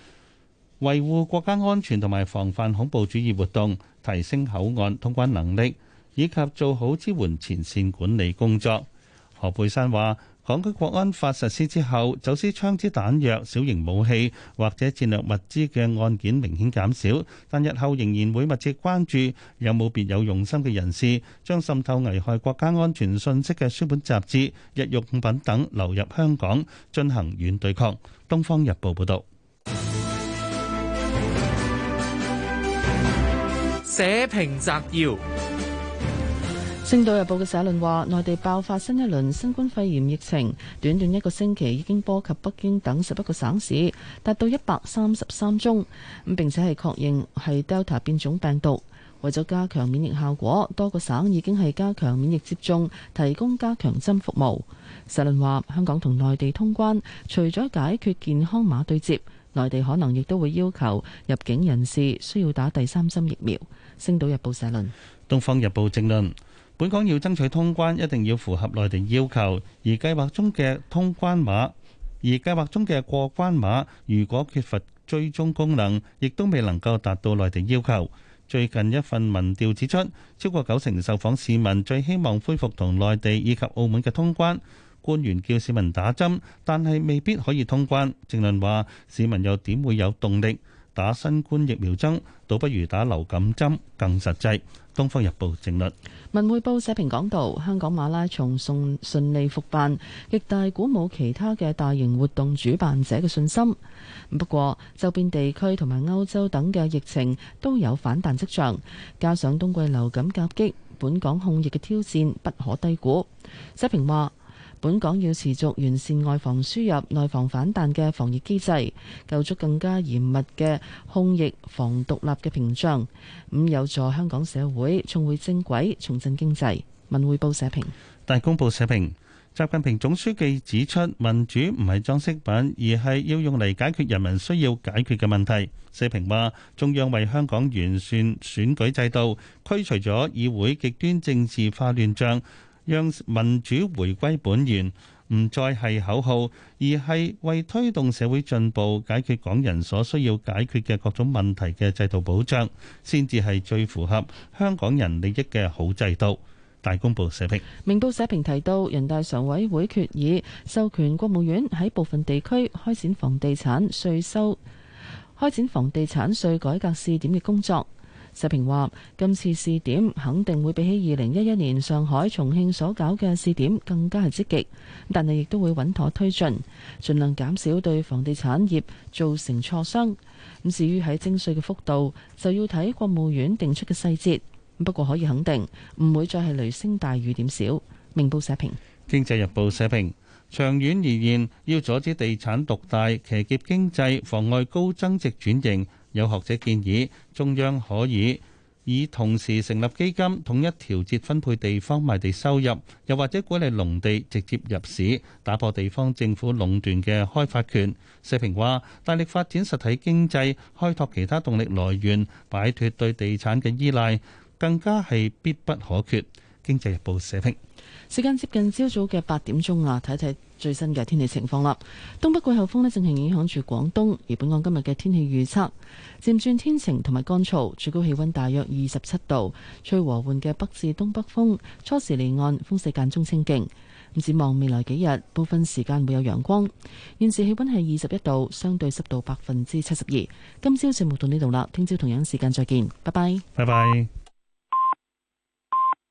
維護國家安全同埋防範恐怖主義活動、提升口岸通關能力，以及做好支援前線管理工作。何佩珊話：港區國安法實施之後，走私槍支、彈藥、小型武器或者戰略物資嘅案件明顯減少，但日後仍然會密切關注有冇別有用心嘅人士將滲透危害國家安全信息嘅書本、雜誌、日用品等流入香港進行軟對抗。《東方日報》報道。社評摘要。《星島日報》嘅社論話，內地爆發新一輪新冠肺炎疫情，短短一個星期已經波及北京等十一個省市，達到一百三十三宗。咁並且係確認係 Delta 變種病毒。為咗加強免疫效果，多個省已經係加強免疫接種，提供加強針服務。社論話，香港同內地通關，除咗解決健康碼對接，內地可能亦都會要求入境人士需要打第三針疫苗。《星島日報》社論，《東方日報》正論。本港要爭取通關，一定要符合內地要求。而計劃中嘅通關碼，而計劃中嘅過關碼，如果缺乏追蹤功能，亦都未能夠達到內地要求。最近一份民調指出，超過九成受訪市民最希望恢復同內地以及澳門嘅通關。官員叫市民打針，但係未必可以通關。正論話，市民又點會有動力？打新冠疫苗針倒不如打流感針更實際。《東方日報》政律文匯報社評講道：香港馬拉松順順利復辦，亦大鼓舞其他嘅大型活動主辦者嘅信心。不過周邊地區同埋歐洲等嘅疫情都有反彈跡象，加上冬季流感夾擊，本港控疫嘅挑戰不可低估。社評話。本港要持續完善外防輸入、內防反彈嘅防疫機制，構築更加嚴密嘅控疫防獨立嘅屏障，咁有助香港社會重回正軌、重振經濟。文匯報社評。大公報社評，習近平總書記指出，民主唔係裝飾品，而係要用嚟解決人民需要解決嘅問題。社評話，中央為香港完善選舉制度，驅除咗議會極端政治化亂象。讓民主回歸本源，唔再係口號，而係為推動社會進步、解決港人所需要解決嘅各種問題嘅制度保障，先至係最符合香港人利益嘅好制度。大公報社評，明報社評提到，人大常委會決議授權國務院喺部分地區開展房地產稅收、開展房地產稅改革試點嘅工作。社評話：今次試點肯定會比起二零一一年上海、重慶所搞嘅試點更加係積極，但係亦都會穩妥推進，盡量減少對房地產業造成挫傷。咁至於喺徵稅嘅幅度，就要睇國務院定出嘅細節。不過可以肯定，唔會再係雷聲大雨點小。明報社評，《經濟日報》社評：長遠而言，要阻止地產獨大，騎劫經濟，妨礙高增值轉型。有學者建議，中央可以以同時成立基金，統一調節分配地方賣地收入，又或者鼓勵農地直接入市，打破地方政府壟斷嘅開發權。社評話，大力發展實體經濟，開拓其他動力來源，擺脱對地產嘅依賴，更加係必不可缺。經濟日報社評。時間接近朝早嘅八點鐘啊，睇睇最新嘅天氣情況啦。東北季候風呢正係影響住廣東，而本港今日嘅天氣預測漸轉天晴同埋乾燥，最高氣溫大約二十七度，吹和緩嘅北至東北風，初時離岸，風勢間中清勁。展望未來幾日，部分時間會有陽光。現時氣溫係二十一度，相對濕度百分之七十二。今朝節目到呢度啦，聽朝同樣時間再見，拜拜，拜拜。